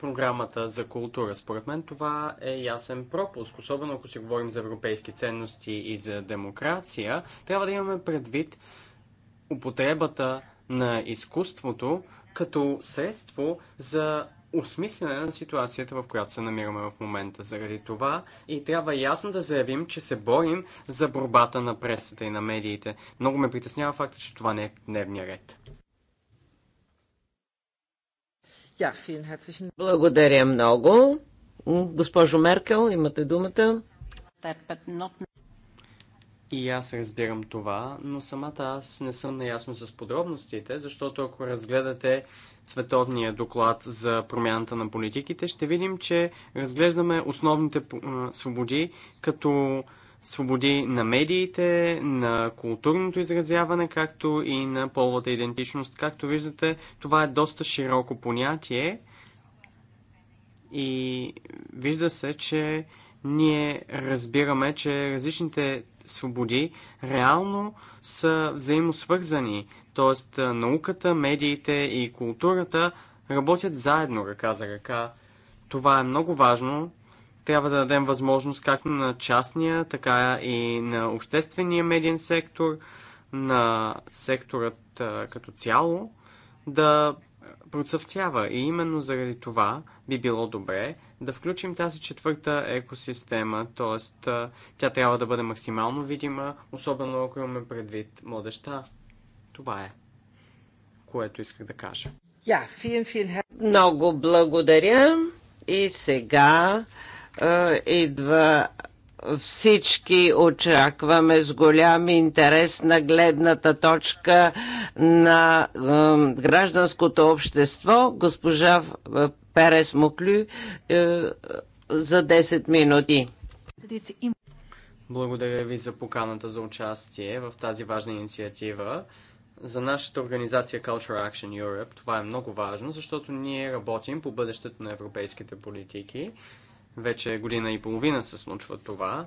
програмата за култура. Според мен това е ясен пропуск, особено ако си говорим за европейски ценности и за демокрация. Трябва да имаме предвид употребата на изкуството като средство за осмислене на ситуацията, в която се намираме в момента. Заради това и трябва ясно да заявим, че се борим за борбата на пресата и на медиите. Много ме притеснява факта, че това не е в дневния ред. Благодаря много. Госпожо Меркел, имате думата. И аз разбирам това, но самата аз не съм наясно с подробностите, защото ако разгледате световния доклад за промяната на политиките, ще видим, че разглеждаме основните свободи като свободи на медиите, на културното изразяване, както и на половата идентичност. Както виждате, това е доста широко понятие и вижда се, че ние разбираме, че различните свободи реално са взаимосвързани. Т.е. науката, медиите и културата работят заедно ръка за ръка. Това е много важно. Трябва да дадем възможност както на частния, така и на обществения медиен сектор, на секторът като цяло да процъфтява. И именно заради това би било добре да включим тази четвърта екосистема, т.е. тя трябва да бъде максимално видима, особено ако имаме предвид младеща. Това е, което исках да кажа. Yeah, Много благодаря. И сега е, идва всички очакваме с голям интерес на гледната точка на е, гражданското общество. Госпожа Перес Моклю е, за 10 минути. Благодаря ви за поканата за участие в тази важна инициатива. За нашата организация Culture Action Europe това е много важно, защото ние работим по бъдещето на европейските политики. Вече година и половина се случва това.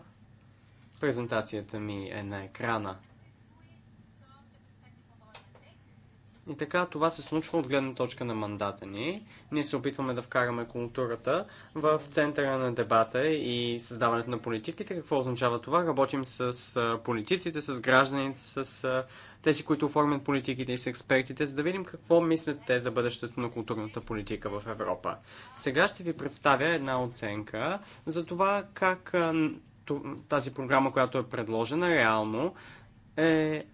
Презентацията ми е на екрана И така това се случва от гледна точка на мандата ни. Ние се опитваме да вкараме културата в центъра на дебата и създаването на политиките. Какво означава това? Работим с политиците, с гражданите, с тези, които оформят политиките и с експертите, за да видим какво мислят те за бъдещето на културната политика в Европа. Сега ще ви представя една оценка за това как тази програма, която е предложена, реално е,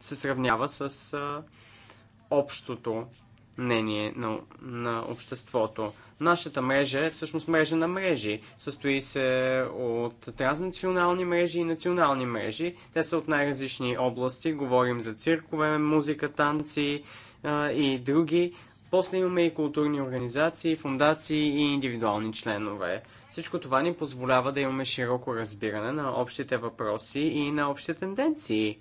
се сравнява с общото мнение на, на обществото. Нашата мрежа е всъщност мрежа на мрежи. Състои се от транснационални мрежи и национални мрежи. Те са от най-различни области. Говорим за циркове, музика, танци а, и други. После имаме и културни организации, фундации и индивидуални членове. Всичко това ни позволява да имаме широко разбиране на общите въпроси и на общите тенденции.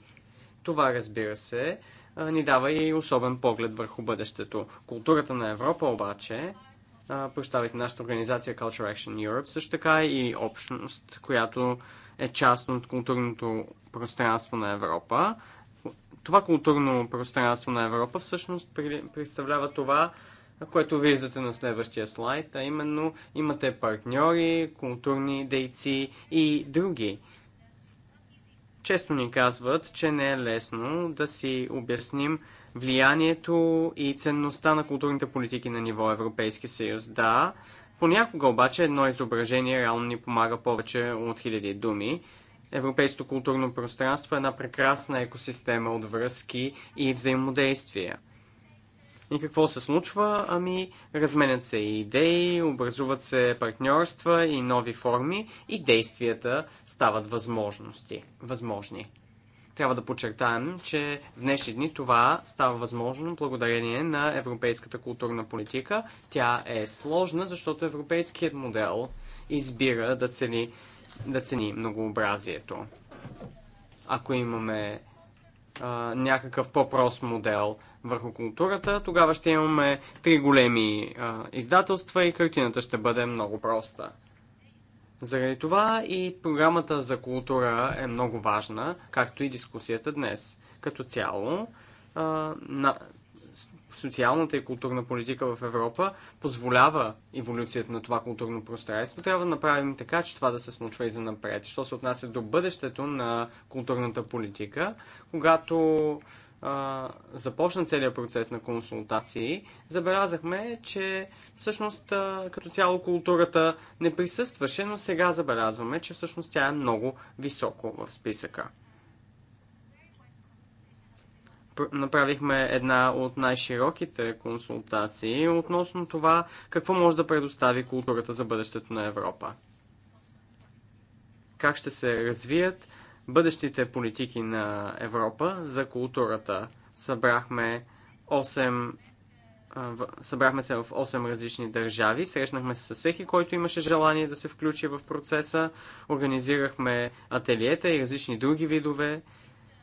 Това, разбира се, ни дава и особен поглед върху бъдещето. Културата на Европа обаче, прощавайте, нашата организация Culture Action Europe, също така и общност, която е част от културното пространство на Европа. Това културно пространство на Европа всъщност представлява това, което виждате на следващия слайд, а именно имате партньори, културни дейци и други често ни казват, че не е лесно да си обясним влиянието и ценността на културните политики на ниво Европейски съюз. Да, понякога обаче едно изображение реално ни помага повече от хиляди думи. Европейското културно пространство е една прекрасна екосистема от връзки и взаимодействия – и какво се случва? Ами, разменят се и идеи, образуват се партньорства и нови форми и действията стават възможности, възможни. Трябва да подчертаем, че в днешни дни това става възможно благодарение на европейската културна политика. Тя е сложна, защото европейският модел избира да цени, да цени многообразието. Ако имаме а, някакъв по-прост модел върху културата, тогава ще имаме три големи а, издателства и картината ще бъде много проста. Заради това и програмата за култура е много важна, както и дискусията днес. Като цяло, а, на, социалната и културна политика в Европа позволява еволюцията на това културно пространство, трябва да направим така, че това да се случва и за напред. Що се отнася до бъдещето на културната политика, когато започна целият процес на консултации, забелязахме, че всъщност като цяло културата не присъстваше, но сега забелязваме, че всъщност тя е много високо в списъка направихме една от най-широките консултации относно това какво може да предостави културата за бъдещето на Европа. Как ще се развият бъдещите политики на Европа за културата. Събрахме 8 Събрахме се в 8 различни държави, срещнахме се с всеки, който имаше желание да се включи в процеса, организирахме ателиета и различни други видове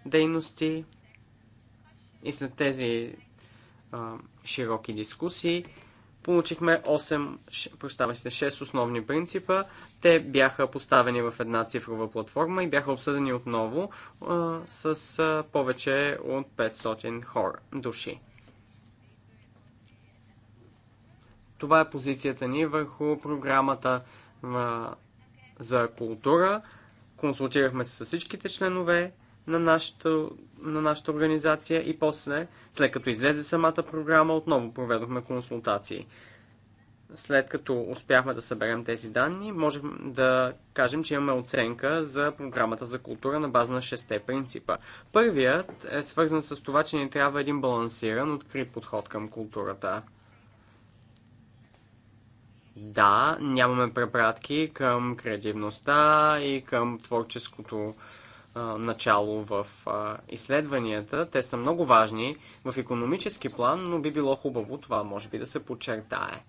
дейности. И след тези а, широки дискусии получихме 8, прощавайте, 6 основни принципа. Те бяха поставени в една цифрова платформа и бяха обсъдени отново а, с а, повече от 500 хора, души. Това е позицията ни върху програмата а, за култура. Консултирахме се с всичките членове на нашата, на нашата организация и после, след като излезе самата програма, отново проведохме консултации. След като успяхме да съберем тези данни, можем да кажем, че имаме оценка за програмата за култура на база на шесте принципа. Първият е свързан с това, че ни трябва един балансиран, открит подход към културата. Да, нямаме препратки към креативността и към творческото начало в изследванията. Те са много важни в економически план, но би било хубаво това, може би, да се подчертае.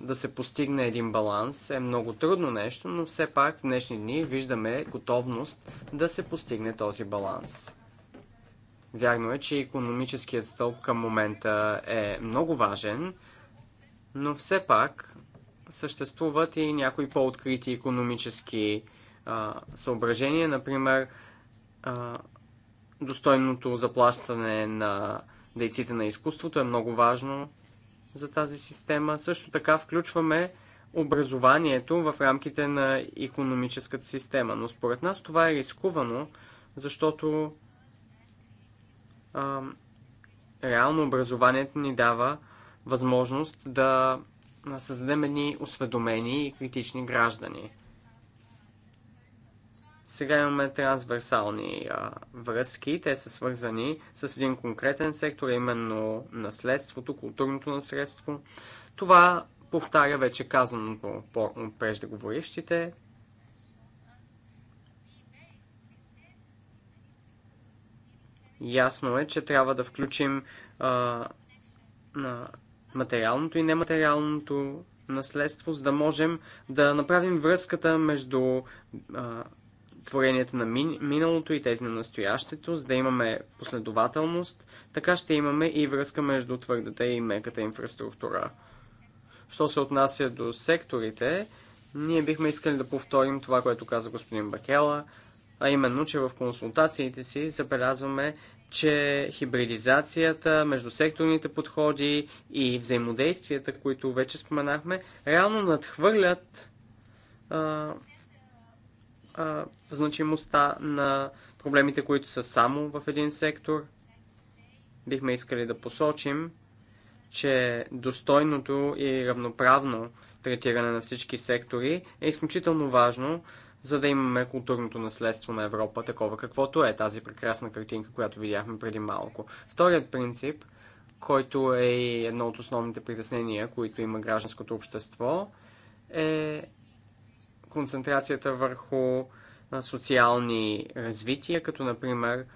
Да се постигне един баланс е много трудно нещо, но все пак в днешни дни виждаме готовност да се постигне този баланс. Вярно е, че економическият стълб към момента е много важен, но все пак съществуват и някои по-открити економически а, съображения, например а, достойното заплащане на дейците на изкуството е много важно за тази система. Също така включваме образованието в рамките на економическата система. Но според нас това е рискувано, защото а, реално образованието ни дава възможност да създадем едни осведомени и критични граждани – сега имаме трансверсални а, връзки. Те са свързани с един конкретен сектор, именно наследството, културното наследство. Това повтаря вече казаното по преждеговорившите. Ясно е, че трябва да включим а, на материалното и нематериалното наследство, за да можем да направим връзката между а, творенията на мин, миналото и тези на настоящето, за да имаме последователност, така ще имаме и връзка между твърдата и меката инфраструктура. Що се отнася до секторите, ние бихме искали да повторим това, което каза господин Бакела, а именно, че в консултациите си забелязваме, че хибридизацията между секторните подходи и взаимодействията, които вече споменахме, реално надхвърлят а, а, значимостта на проблемите, които са само в един сектор. Бихме искали да посочим, че достойното и равноправно третиране на всички сектори е изключително важно, за да имаме културното наследство на Европа такова каквото е тази прекрасна картинка, която видяхме преди малко. Вторият принцип, който е едно от основните притеснения, които има гражданското общество, е концентрацията върху социални развития, като например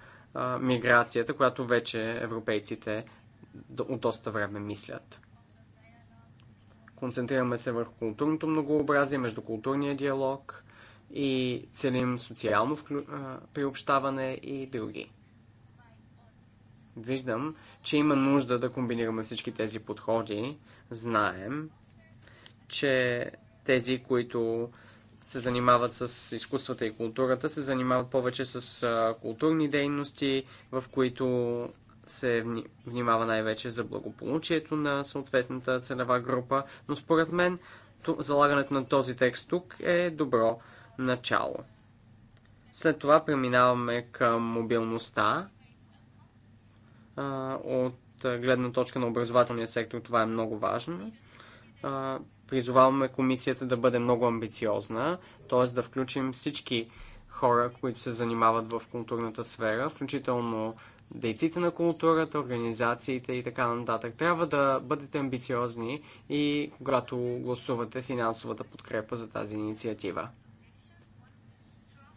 миграцията, която вече европейците от доста време мислят. Концентрираме се върху културното многообразие, междукултурния диалог и целим социално вклю... приобщаване и други. Виждам, че има нужда да комбинираме всички тези подходи. Знаем, че тези, които се занимават с изкуствата и културата, се занимават повече с културни дейности, в които се внимава най-вече за благополучието на съответната целева група, но според мен залагането на този текст тук е добро начало. След това преминаваме към мобилността. От гледна точка на образователния сектор това е много важно. Призоваваме комисията да бъде много амбициозна, т.е. да включим всички хора, които се занимават в културната сфера, включително дейците на културата, организациите и така нататък. Трябва да бъдете амбициозни и когато гласувате финансовата подкрепа за тази инициатива.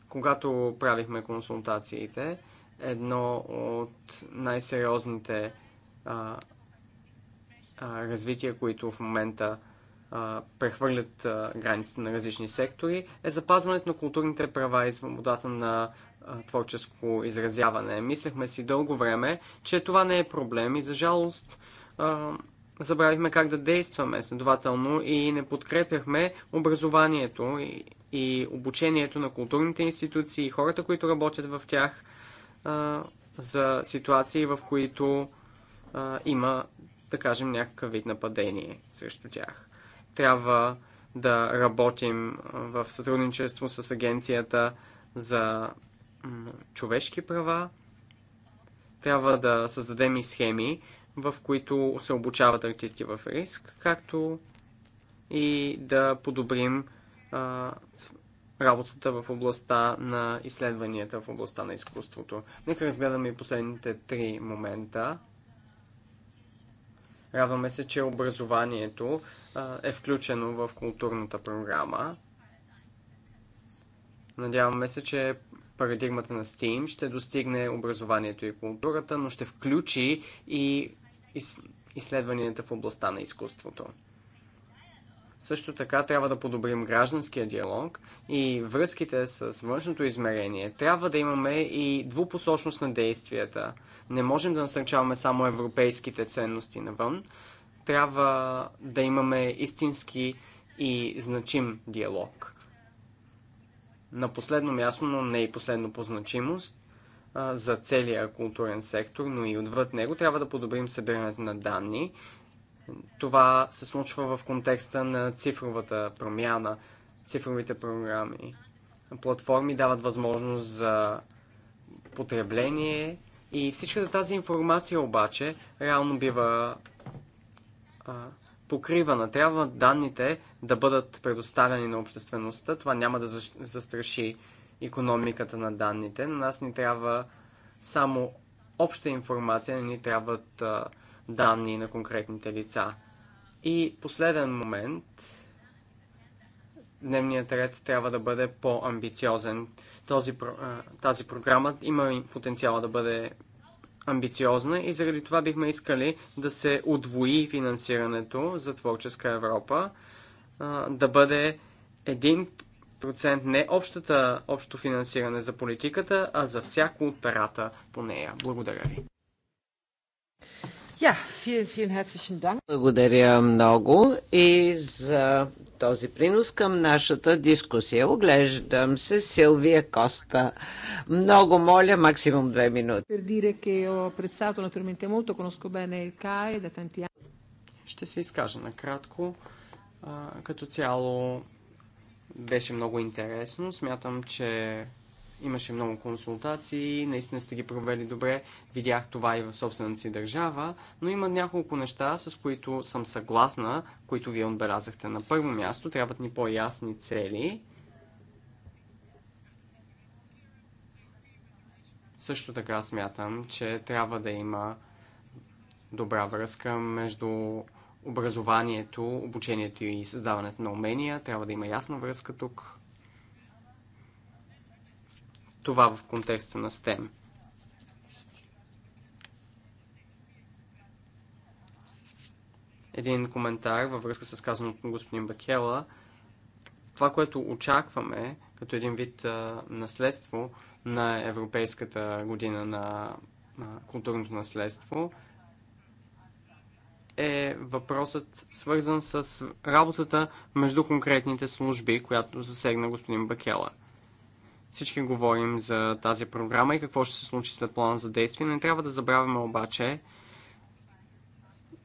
Когато правихме консултациите, едно от най-сериозните развития, които в момента прехвърлят границите на различни сектори, е запазването на културните права и свободата на творческо изразяване. Мислехме си дълго време, че това не е проблем и за жалост забравихме как да действаме, следователно и не подкрепяхме образованието и, обучението на културните институции и хората, които работят в тях за ситуации, в които има, да кажем, някакъв вид нападение срещу тях. Трябва да работим в сътрудничество с Агенцията за човешки права. Трябва да създадем и схеми, в които се обучават артисти в риск, както и да подобрим а, работата в областта на изследванията в областта на изкуството. Нека разгледаме и последните три момента. Радваме се, че образованието е включено в културната програма. Надяваме се, че парадигмата на STEAM ще достигне образованието и културата, но ще включи и изследванията в областта на изкуството. Също така трябва да подобрим гражданския диалог и връзките с външното измерение. Трябва да имаме и двупосочност на действията. Не можем да насърчаваме само европейските ценности навън. Трябва да имаме истински и значим диалог. На последно място, но не и последно по значимост, за целия културен сектор, но и отвъд него трябва да подобрим събирането на данни това се случва в контекста на цифровата промяна, цифровите програми. Платформи дават възможност за потребление и всичката тази информация обаче реално бива а, покривана. Трябва данните да бъдат предоставени на обществеността. Това няма да застраши економиката на данните. На нас ни трябва само обща информация, не ни трябват. Да данни на конкретните лица. И последен момент, дневният ред трябва да бъде по-амбициозен. Този, тази програма има потенциала да бъде амбициозна и заради това бихме искали да се удвои финансирането за Творческа Европа, да бъде един процент не общата, общо финансиране за политиката, а за всяко от по нея. Благодаря ви. Yeah, vielen, vielen Благодаря много и за този принос към нашата дискусия. Оглеждам се Силвия Коста. Много моля, максимум две минути. Ще се изкажа накратко. Като цяло беше много интересно. Смятам, че Имаше много консултации, наистина сте ги провели добре, видях това и в собствената си държава, но има няколко неща, с които съм съгласна, които вие отбелязахте. На първо място трябват ни по-ясни цели. Също така смятам, че трябва да има добра връзка между образованието, обучението и създаването на умения. Трябва да има ясна връзка тук. Това в контекста на STEM. Един коментар във връзка с казаното на господин Бакела. Това, което очакваме като един вид а, наследство на Европейската година на, на културното наследство, е въпросът свързан с работата между конкретните служби, която засегна господин Бакела – всички говорим за тази програма и какво ще се случи след плана за действие. Не трябва да забравяме обаче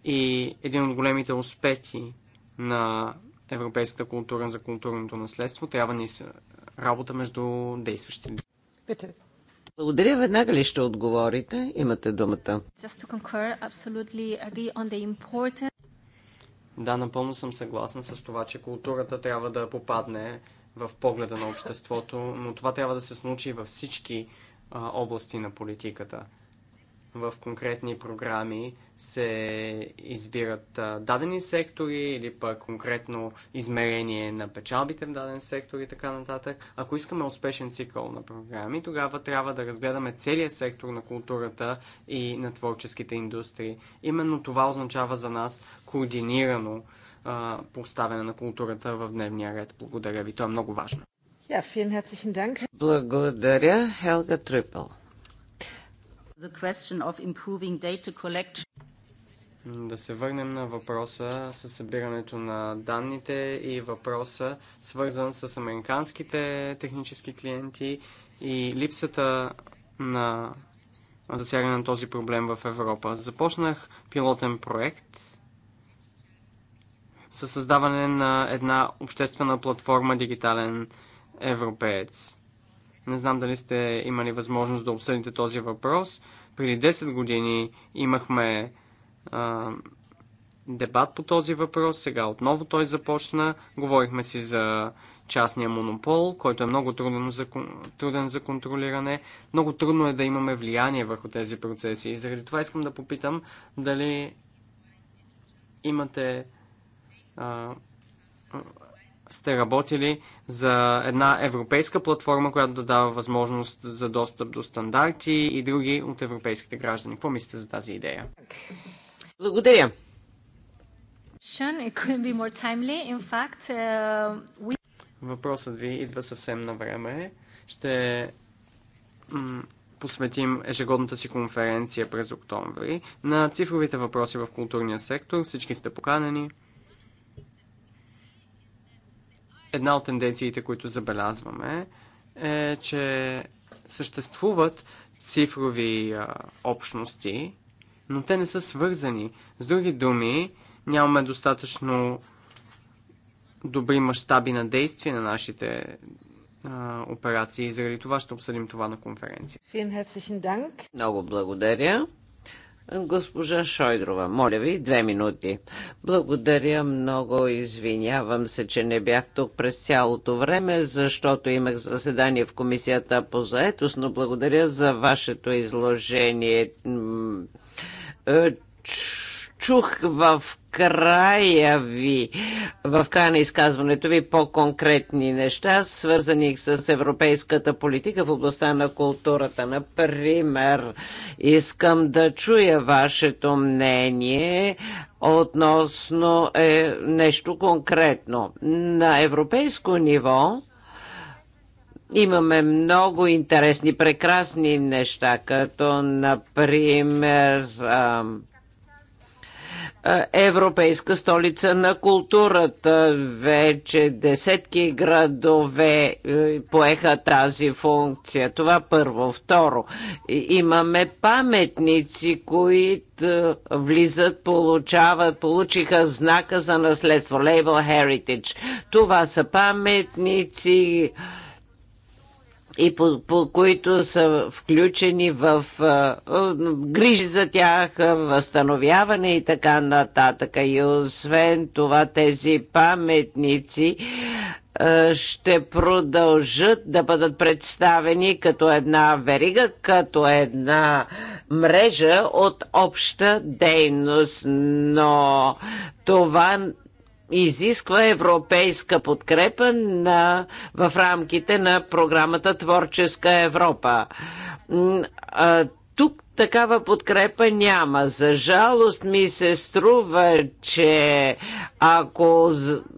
и един от големите успехи на европейската култура за културното наследство. Трябва ни работа между действащи. Благодаря. Веднага ли ще отговорите? Имате думата. Concur, да, напълно съм съгласна с това, че културата трябва да попадне в погледа на обществото, но това трябва да се случи във всички а, области на политиката. В конкретни програми се избират а, дадени сектори или пък конкретно измерение на печалбите в даден сектор и така нататък. Ако искаме успешен цикъл на програми, тогава трябва да разгледаме целия сектор на културата и на творческите индустрии. Именно това означава за нас координирано поставяне на културата в дневния ред. Благодаря ви, то е много важно. Благодаря, Хелга Трипъл. Да се върнем на въпроса с събирането на данните и въпроса свързан с американските технически клиенти и липсата на засягане на този проблем в Европа. Започнах пилотен проект – със създаване на една обществена платформа Дигитален европеец. Не знам дали сте имали възможност да обсъдите този въпрос. Преди 10 години имахме а, дебат по този въпрос. Сега отново той започна. Говорихме си за частния монопол, който е много труден за, труден за контролиране. Много трудно е да имаме влияние върху тези процеси. И заради това искам да попитам дали имате сте работили за една европейска платформа, която да дава възможност за достъп до стандарти и други от европейските граждани. Какво мислите за тази идея? Благодаря. Uh, Въпросът ви идва съвсем на време. Ще посветим ежегодната си конференция през октомври на цифровите въпроси в културния сектор. Всички сте поканени една от тенденциите, които забелязваме, е, че съществуват цифрови а, общности, но те не са свързани. С други думи, нямаме достатъчно добри мащаби на действие на нашите а, операции. Заради това ще обсъдим това на конференция. Много благодаря. Госпожа Шойдрова, моля ви, две минути. Благодаря много, извинявам се, че не бях тук през цялото време, защото имах заседание в комисията по заетост, но благодаря за вашето изложение. Е, Ч чух в края ви, в края на изказването ви по-конкретни неща, свързани с европейската политика в областта на културата. Например, искам да чуя вашето мнение относно е, нещо конкретно. На европейско ниво Имаме много интересни, прекрасни неща, като, например, е, е, европейска столица на културата. Вече десетки градове е, поеха тази функция. Това първо. Второ, имаме паметници, които е, влизат, получават, получиха знака за наследство, лейбъл Heritage. Това са паметници, и по, по които са включени в а, грижи за тях, възстановяване и така нататък. И освен това тези паметници ще продължат да бъдат представени като една верига, като една мрежа от обща дейност, но това изисква европейска подкрепа на, в рамките на програмата Творческа Европа. Тук такава подкрепа няма. За жалост ми се струва, че ако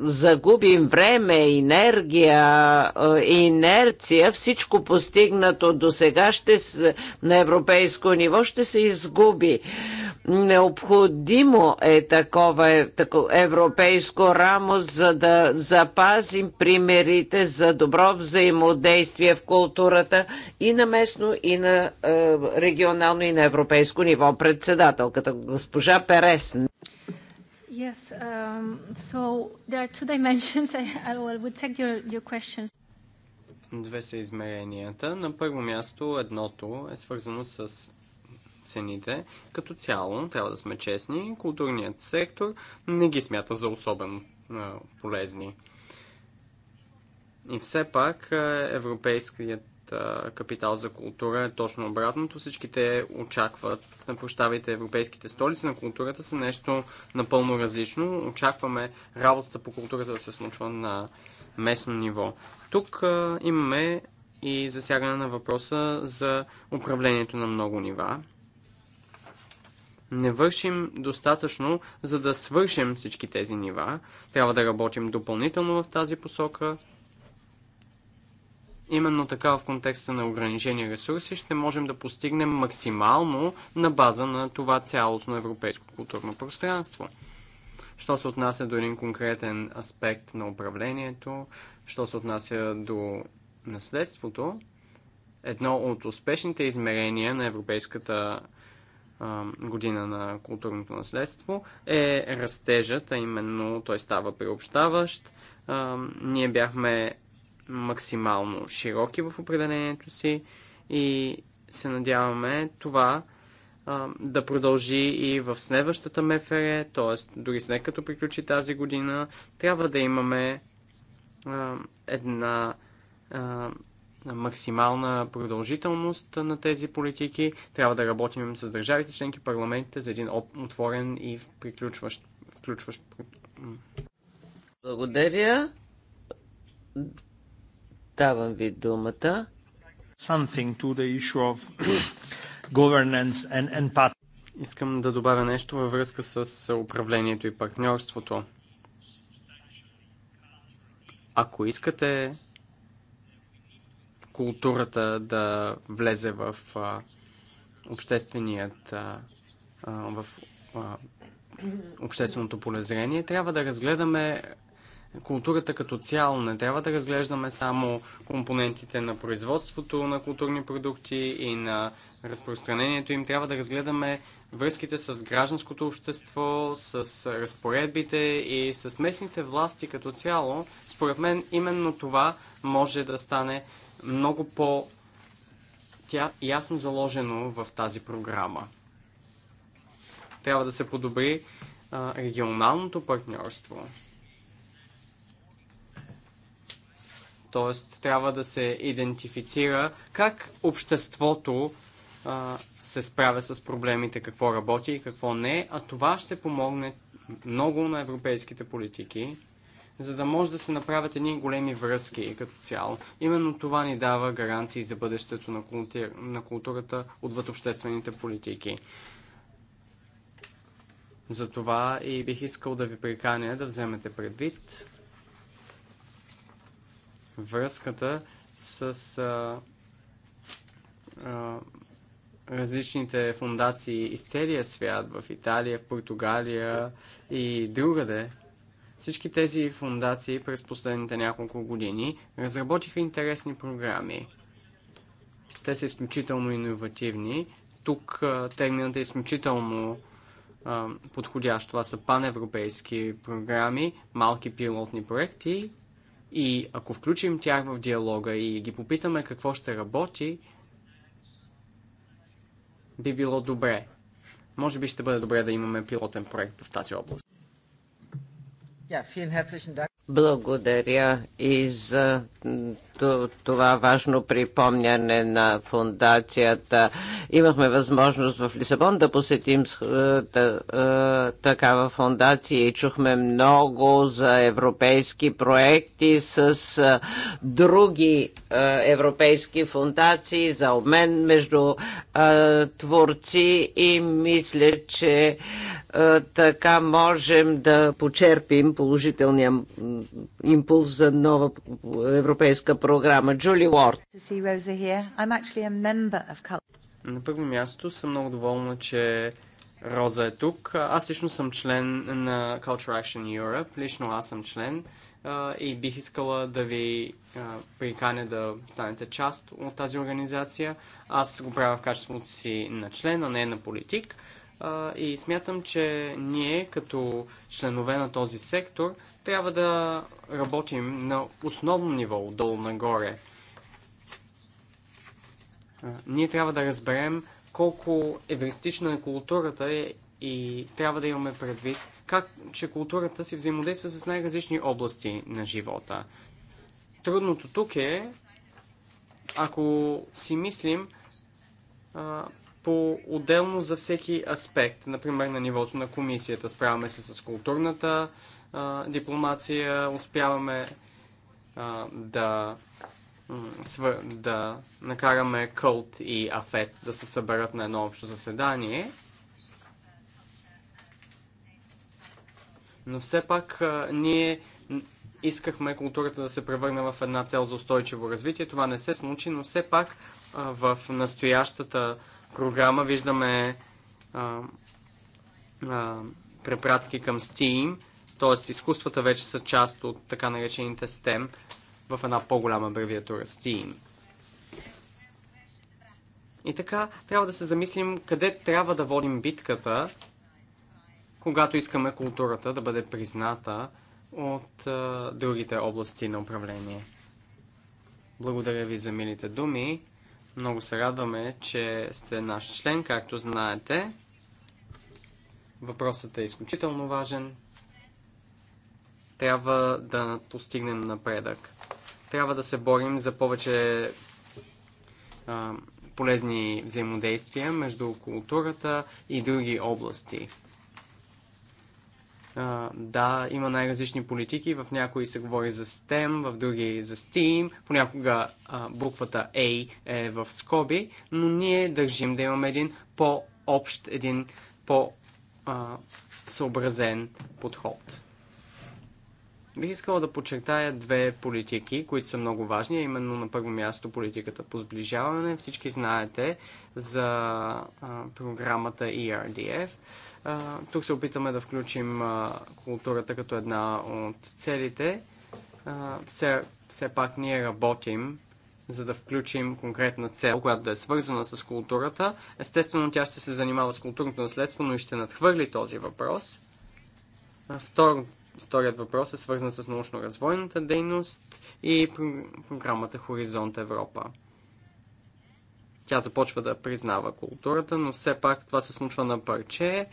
загубим време, енергия, инерция, всичко постигнато до сега ще, на европейско ниво ще се изгуби. Необходимо е такова, е, тако, европейско рамо, за да запазим примерите за добро взаимодействие в културата и на местно, и на е, регионално, и на европейско ниво. Председателката госпожа Перес. Um, две са измеренията. На първо място едното е свързано с цените. Като цяло, трябва да сме честни, културният сектор не ги смята за особено полезни. И все пак европейският капитал за култура е точно обратното. Всичките очакват, прощавайте, европейските столици на културата са нещо напълно различно. Очакваме работата по културата да се случва на местно ниво. Тук имаме и засягане на въпроса за управлението на много нива не вършим достатъчно, за да свършим всички тези нива. Трябва да работим допълнително в тази посока. Именно така в контекста на ограничени ресурси ще можем да постигнем максимално на база на това цялостно европейско културно пространство. Що се отнася до един конкретен аспект на управлението, що се отнася до наследството, едно от успешните измерения на европейската година на културното наследство е растежът, а именно той става приобщаващ. Ние бяхме максимално широки в определението си и се надяваме това да продължи и в следващата МФР, т.е. дори след като приключи тази година, трябва да имаме една максимална продължителност на тези политики. Трябва да работим с държавите членки, парламентите за един отворен и приключващ, включващ. Благодаря. Давам ви думата. Something to the issue of governance and, and part... Искам да добавя нещо във връзка с управлението и партньорството. Ако искате културата да влезе в а, общественият а, в а, общественото полезрение. Трябва да разгледаме културата като цяло. Не трябва да разглеждаме само компонентите на производството на културни продукти и на разпространението им. Трябва да разгледаме връзките с гражданското общество, с разпоредбите и с местните власти като цяло. Според мен именно това може да стане много по- тя е ясно заложено в тази програма. Трябва да се подобри а, регионалното партньорство. Тоест, трябва да се идентифицира как обществото а, се справя с проблемите, какво работи и какво не, а това ще помогне много на европейските политики за да може да се направят едни големи връзки като цяло. Именно това ни дава гаранции за бъдещето на, на културата отвъд обществените политики. За това и бих искал да ви приканя да вземете предвид връзката с а, а, различните фундации из целия свят, в Италия, в Португалия и другаде, всички тези фундации през последните няколко години разработиха интересни програми. Те са изключително иновативни. Тук терминът е изключително а, подходящ. Това са паневропейски програми, малки пилотни проекти и ако включим тях в диалога и ги попитаме какво ще работи, би било добре. Може би ще бъде добре да имаме пилотен проект в тази област. Благодаря и за това важно припомняне на фундацията. Имахме възможност в Лисабон да посетим е, е, такава фундация и чухме много за европейски проекти с е, други европейски фундации за обмен между творци и мисля, че така можем да почерпим положителния импулс за нова европейска програма. Джули Уорд. На първо място съм много доволна, че Роза е тук. Аз лично съм член на Culture Action Europe. Лично аз съм член и бих искала да ви приканя да станете част от тази организация. Аз го правя в качеството си на член, а не на политик. и смятам, че ние като членове на този сектор трябва да работим на основно ниво, отдолу нагоре. Ние трябва да разберем колко евристична е културата е и трябва да имаме предвид как, че културата си взаимодейства с най-различни области на живота. Трудното тук е, ако си мислим а, по-отделно за всеки аспект, например на нивото на комисията, справяме се с културната дипломация успяваме а, да, свър... да накараме Кълт и Афет да се съберат на едно общо заседание. Но все пак а, ние искахме културата да се превърне в една цел за устойчиво развитие. Това не се случи, но все пак а, в настоящата програма виждаме а, а, препратки към STEAM – т.е. изкуствата вече са част от така наречените STEM в една по-голяма абревиатура STEAM. И така, трябва да се замислим къде трябва да водим битката, когато искаме културата да бъде призната от а, другите области на управление. Благодаря ви за милите думи. Много се радваме, че сте наш член, както знаете. Въпросът е изключително важен трябва да постигнем напредък. Трябва да се борим за повече а, полезни взаимодействия между културата и други области. А, да, има най-различни политики. В някои се говори за STEM, в други за STEAM. Понякога а, буквата A е в скоби, но ние държим да имаме един по-общ, един по- съобразен подход. Бих искала да подчертая две политики, които са много важни, именно на първо място политиката по сближаване. Всички знаете за а, програмата ERDF. А, тук се опитаме да включим а, културата като една от целите. А, все, все пак ние работим за да включим конкретна цел, която да е свързана с културата. Естествено, тя ще се занимава с културното наследство, но и ще надхвърли този въпрос. Второ, Вторият въпрос е свързан с научно-развойната дейност и програмата Хоризонт Европа. Тя започва да признава културата, но все пак това се случва на парче.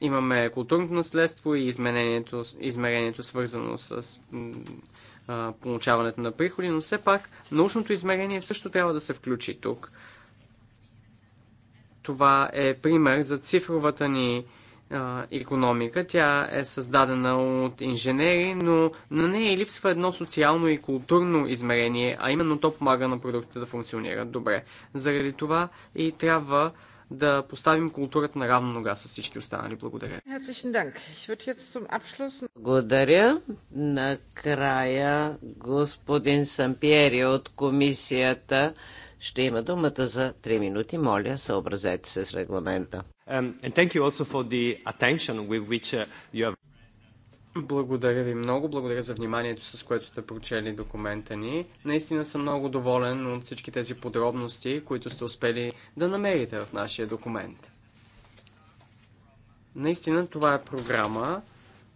Имаме културното наследство и изменението, измерението свързано с получаването на приходи, но все пак научното измерение също трябва да се включи тук. Това е пример за цифровата ни економика. Тя е създадена от инженери, но на нея липсва едно социално и културно измерение, а именно то помага на продуктите да функционират добре. Заради това и трябва да поставим културата на равна нога с всички останали. Благодаря. Благодаря. Накрая господин Сампиери от комисията ще има думата за 3 минути. Моля, съобразете се с регламента. Um, thank you also for the attention with which uh, you have благодаря ви много, благодаря за вниманието, с което сте прочели документа ни. Наистина съм много доволен от всички тези подробности, които сте успели да намерите в нашия документ. Наистина това е програма,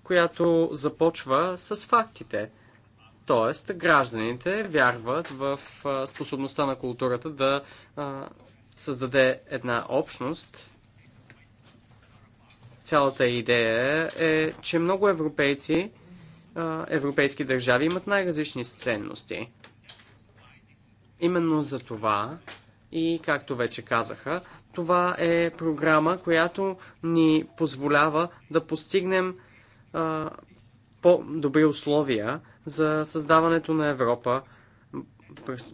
която започва с фактите. Тоест, гражданите вярват в способността на културата да създаде една общност, Цялата идея е, че много европейци, европейски държави имат най-различни ценности. Именно за това и както вече казаха, това е програма, която ни позволява да постигнем по-добри условия за създаването на Европа,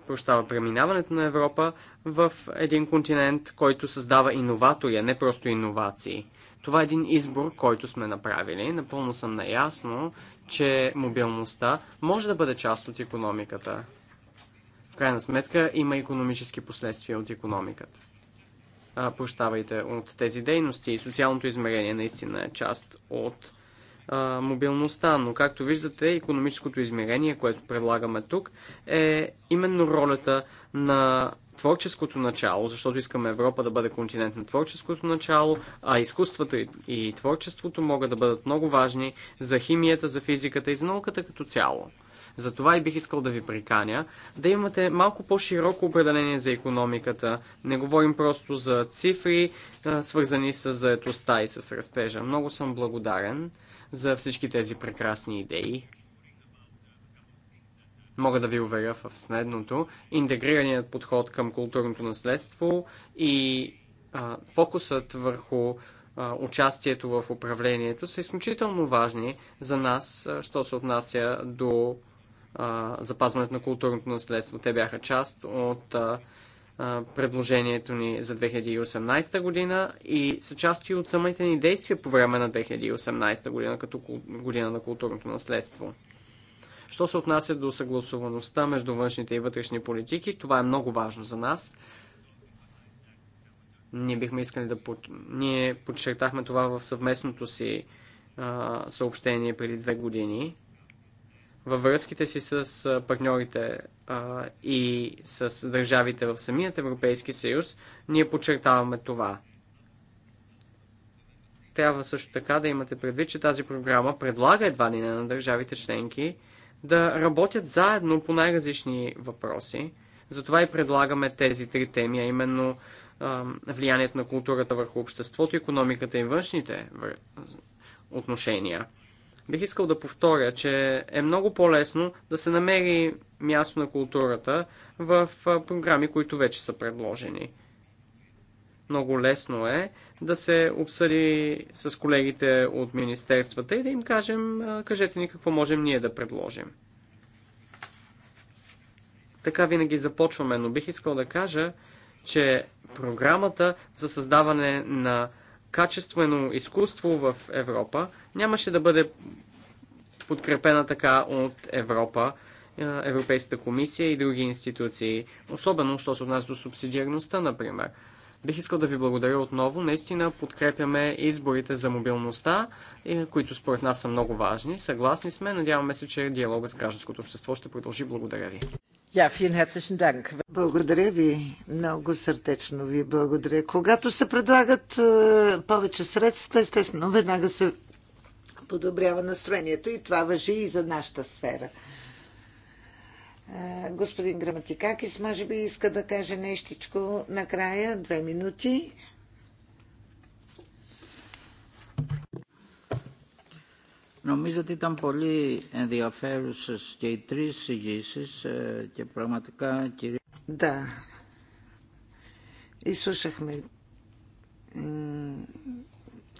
прощава преминаването на Европа в един континент, който създава иноватори, а не просто иновации. Това е един избор, който сме направили. Напълно съм наясно, че мобилността може да бъде част от економиката. В крайна сметка има економически последствия от економиката. А, прощавайте, от тези дейности и социалното измерение наистина е част от а, мобилността. Но както виждате, економическото измерение, което предлагаме тук, е именно ролята на творческото начало, защото искаме Европа да бъде континент на творческото начало, а изкуството и, и творчеството могат да бъдат много важни за химията, за физиката и за науката като цяло. Затова и бих искал да ви приканя да имате малко по-широко определение за економиката. Не говорим просто за цифри, свързани с заетостта и с растежа. Много съм благодарен за всички тези прекрасни идеи мога да ви уверя в следното. Интегрираният подход към културното наследство и а, фокусът върху а, участието в управлението са изключително важни за нас, а, що се отнася до а, запазването на културното наследство. Те бяха част от а, предложението ни за 2018 година и са части от самите ни действия по време на 2018 година като година на културното наследство. Що се отнася до съгласуваността между външните и вътрешни политики, това е много важно за нас. Ние бихме искали да... Под... Ние подчертахме това в съвместното си а, съобщение преди две години. Във връзките си с партньорите а, и с държавите в самият Европейски съюз, ние подчертаваме това трябва също така да имате предвид, че тази програма предлага едва ли не на държавите членки да работят заедно по най-различни въпроси. Затова и предлагаме тези три теми, а именно влиянието на културата върху обществото, економиката и външните отношения. Бих искал да повторя, че е много по-лесно да се намери място на културата в програми, които вече са предложени. Много лесно е да се обсъди с колегите от министерствата и да им кажем, кажете ни какво можем ние да предложим. Така винаги започваме, но бих искал да кажа, че програмата за създаване на качествено изкуство в Европа нямаше да бъде подкрепена така от Европа, Европейската комисия и други институции, особено, що се отнася до субсидиарността, например. Бих искал да ви благодаря отново. Наистина подкрепяме изборите за мобилността, които според нас са много важни. Съгласни сме. Надяваме се, че диалога с гражданското общество ще продължи. Благодаря ви. Yeah, благодаря ви. Много сърдечно ви благодаря. Когато се предлагат е, повече средства, естествено, веднага се подобрява настроението и това въжи и за нашата сфера. Господин Граматикакис, може би иска да каже нещичко накрая, две минути. Νομίζω ότι ήταν πολύ ενδιαφέρουσε και οι τρει συγγύσεις και πραγματικά κυρία... Да. Изслушахме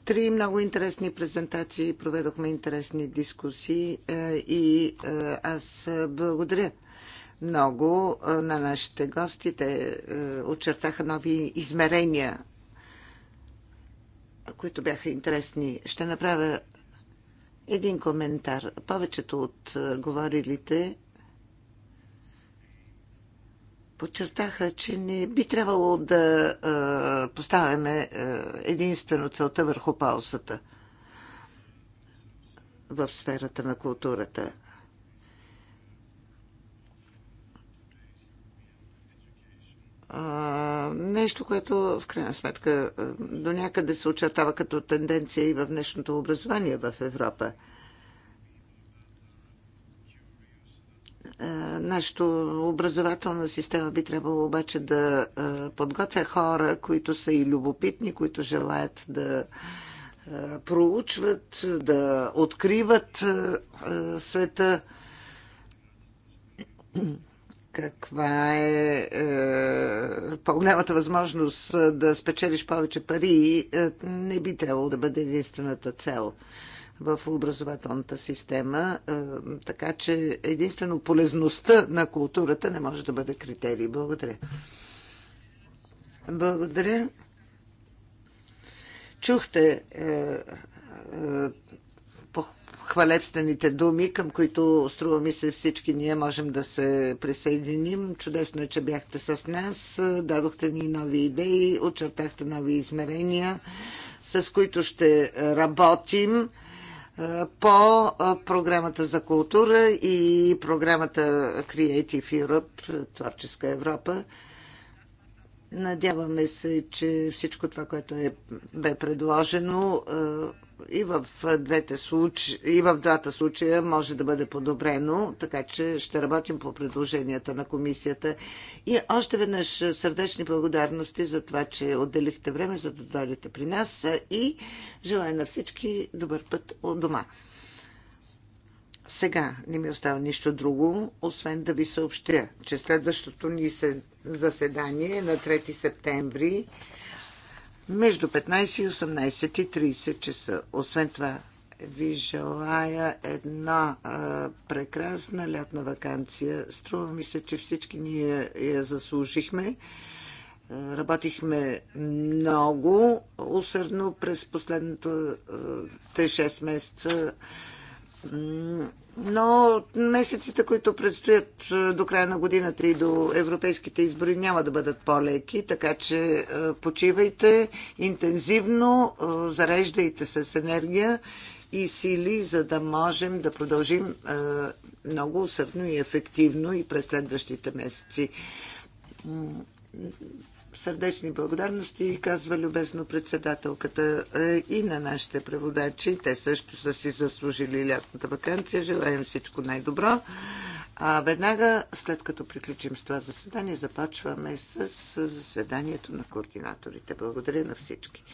τρει много интересни презентации, проведохме интересни дискусии е, и е, аз благодаря много на нашите гости. Те очертаха нови измерения, които бяха интересни. Ще направя един коментар. Повечето от говорилите подчертаха, че не би трябвало да поставяме единствено целта върху паузата в сферата на културата. нещо, което в крайна сметка до някъде се очертава като тенденция и в днешното образование в Европа. Нашата образователна система би трябвало обаче да подготвя хора, които са и любопитни, които желаят да проучват, да откриват света каква е, е по-голямата възможност е, да спечелиш повече пари, е, не би трябвало да бъде единствената цел в образователната система. Е, така че единствено полезността на културата не може да бъде критерий. Благодаря. Благодаря. Чухте е, е, хвалебствените думи, към които струва ми се всички ние можем да се присъединим. Чудесно е, че бяхте с нас, дадохте ни нови идеи, очертахте нови измерения, с които ще работим по програмата за култура и програмата Creative Europe, Творческа Европа. Надяваме се, че всичко това, което е, бе предложено, и в, двете и в двата случая може да бъде подобрено, така че ще работим по предложенията на комисията. И още веднъж сърдечни благодарности за това, че отделихте време, за да дойдете при нас и желая на всички добър път от дома. Сега не ми остава нищо друго, освен да ви съобщя, че следващото ни заседание е на 3 септември между 15 и 18 и 30 часа. Освен това, ви желая една а, прекрасна лятна вакансия. Струва ми се, че всички ние я заслужихме. Работихме много усърдно през последното 6 месеца. Но месеците, които предстоят е, до края на годината и до европейските избори, няма да бъдат по-леки, така че е, почивайте интензивно, е, зареждайте се с енергия и сили, за да можем да продължим много усърдно и ефективно и през следващите месеци. Сърдечни благодарности, казва любезно председателката е, и на нашите преводачи. Те също са си заслужили лятната вакансия. Желаем всичко най-добро. А веднага, след като приключим с това заседание, започваме с заседанието на координаторите. Благодаря на всички.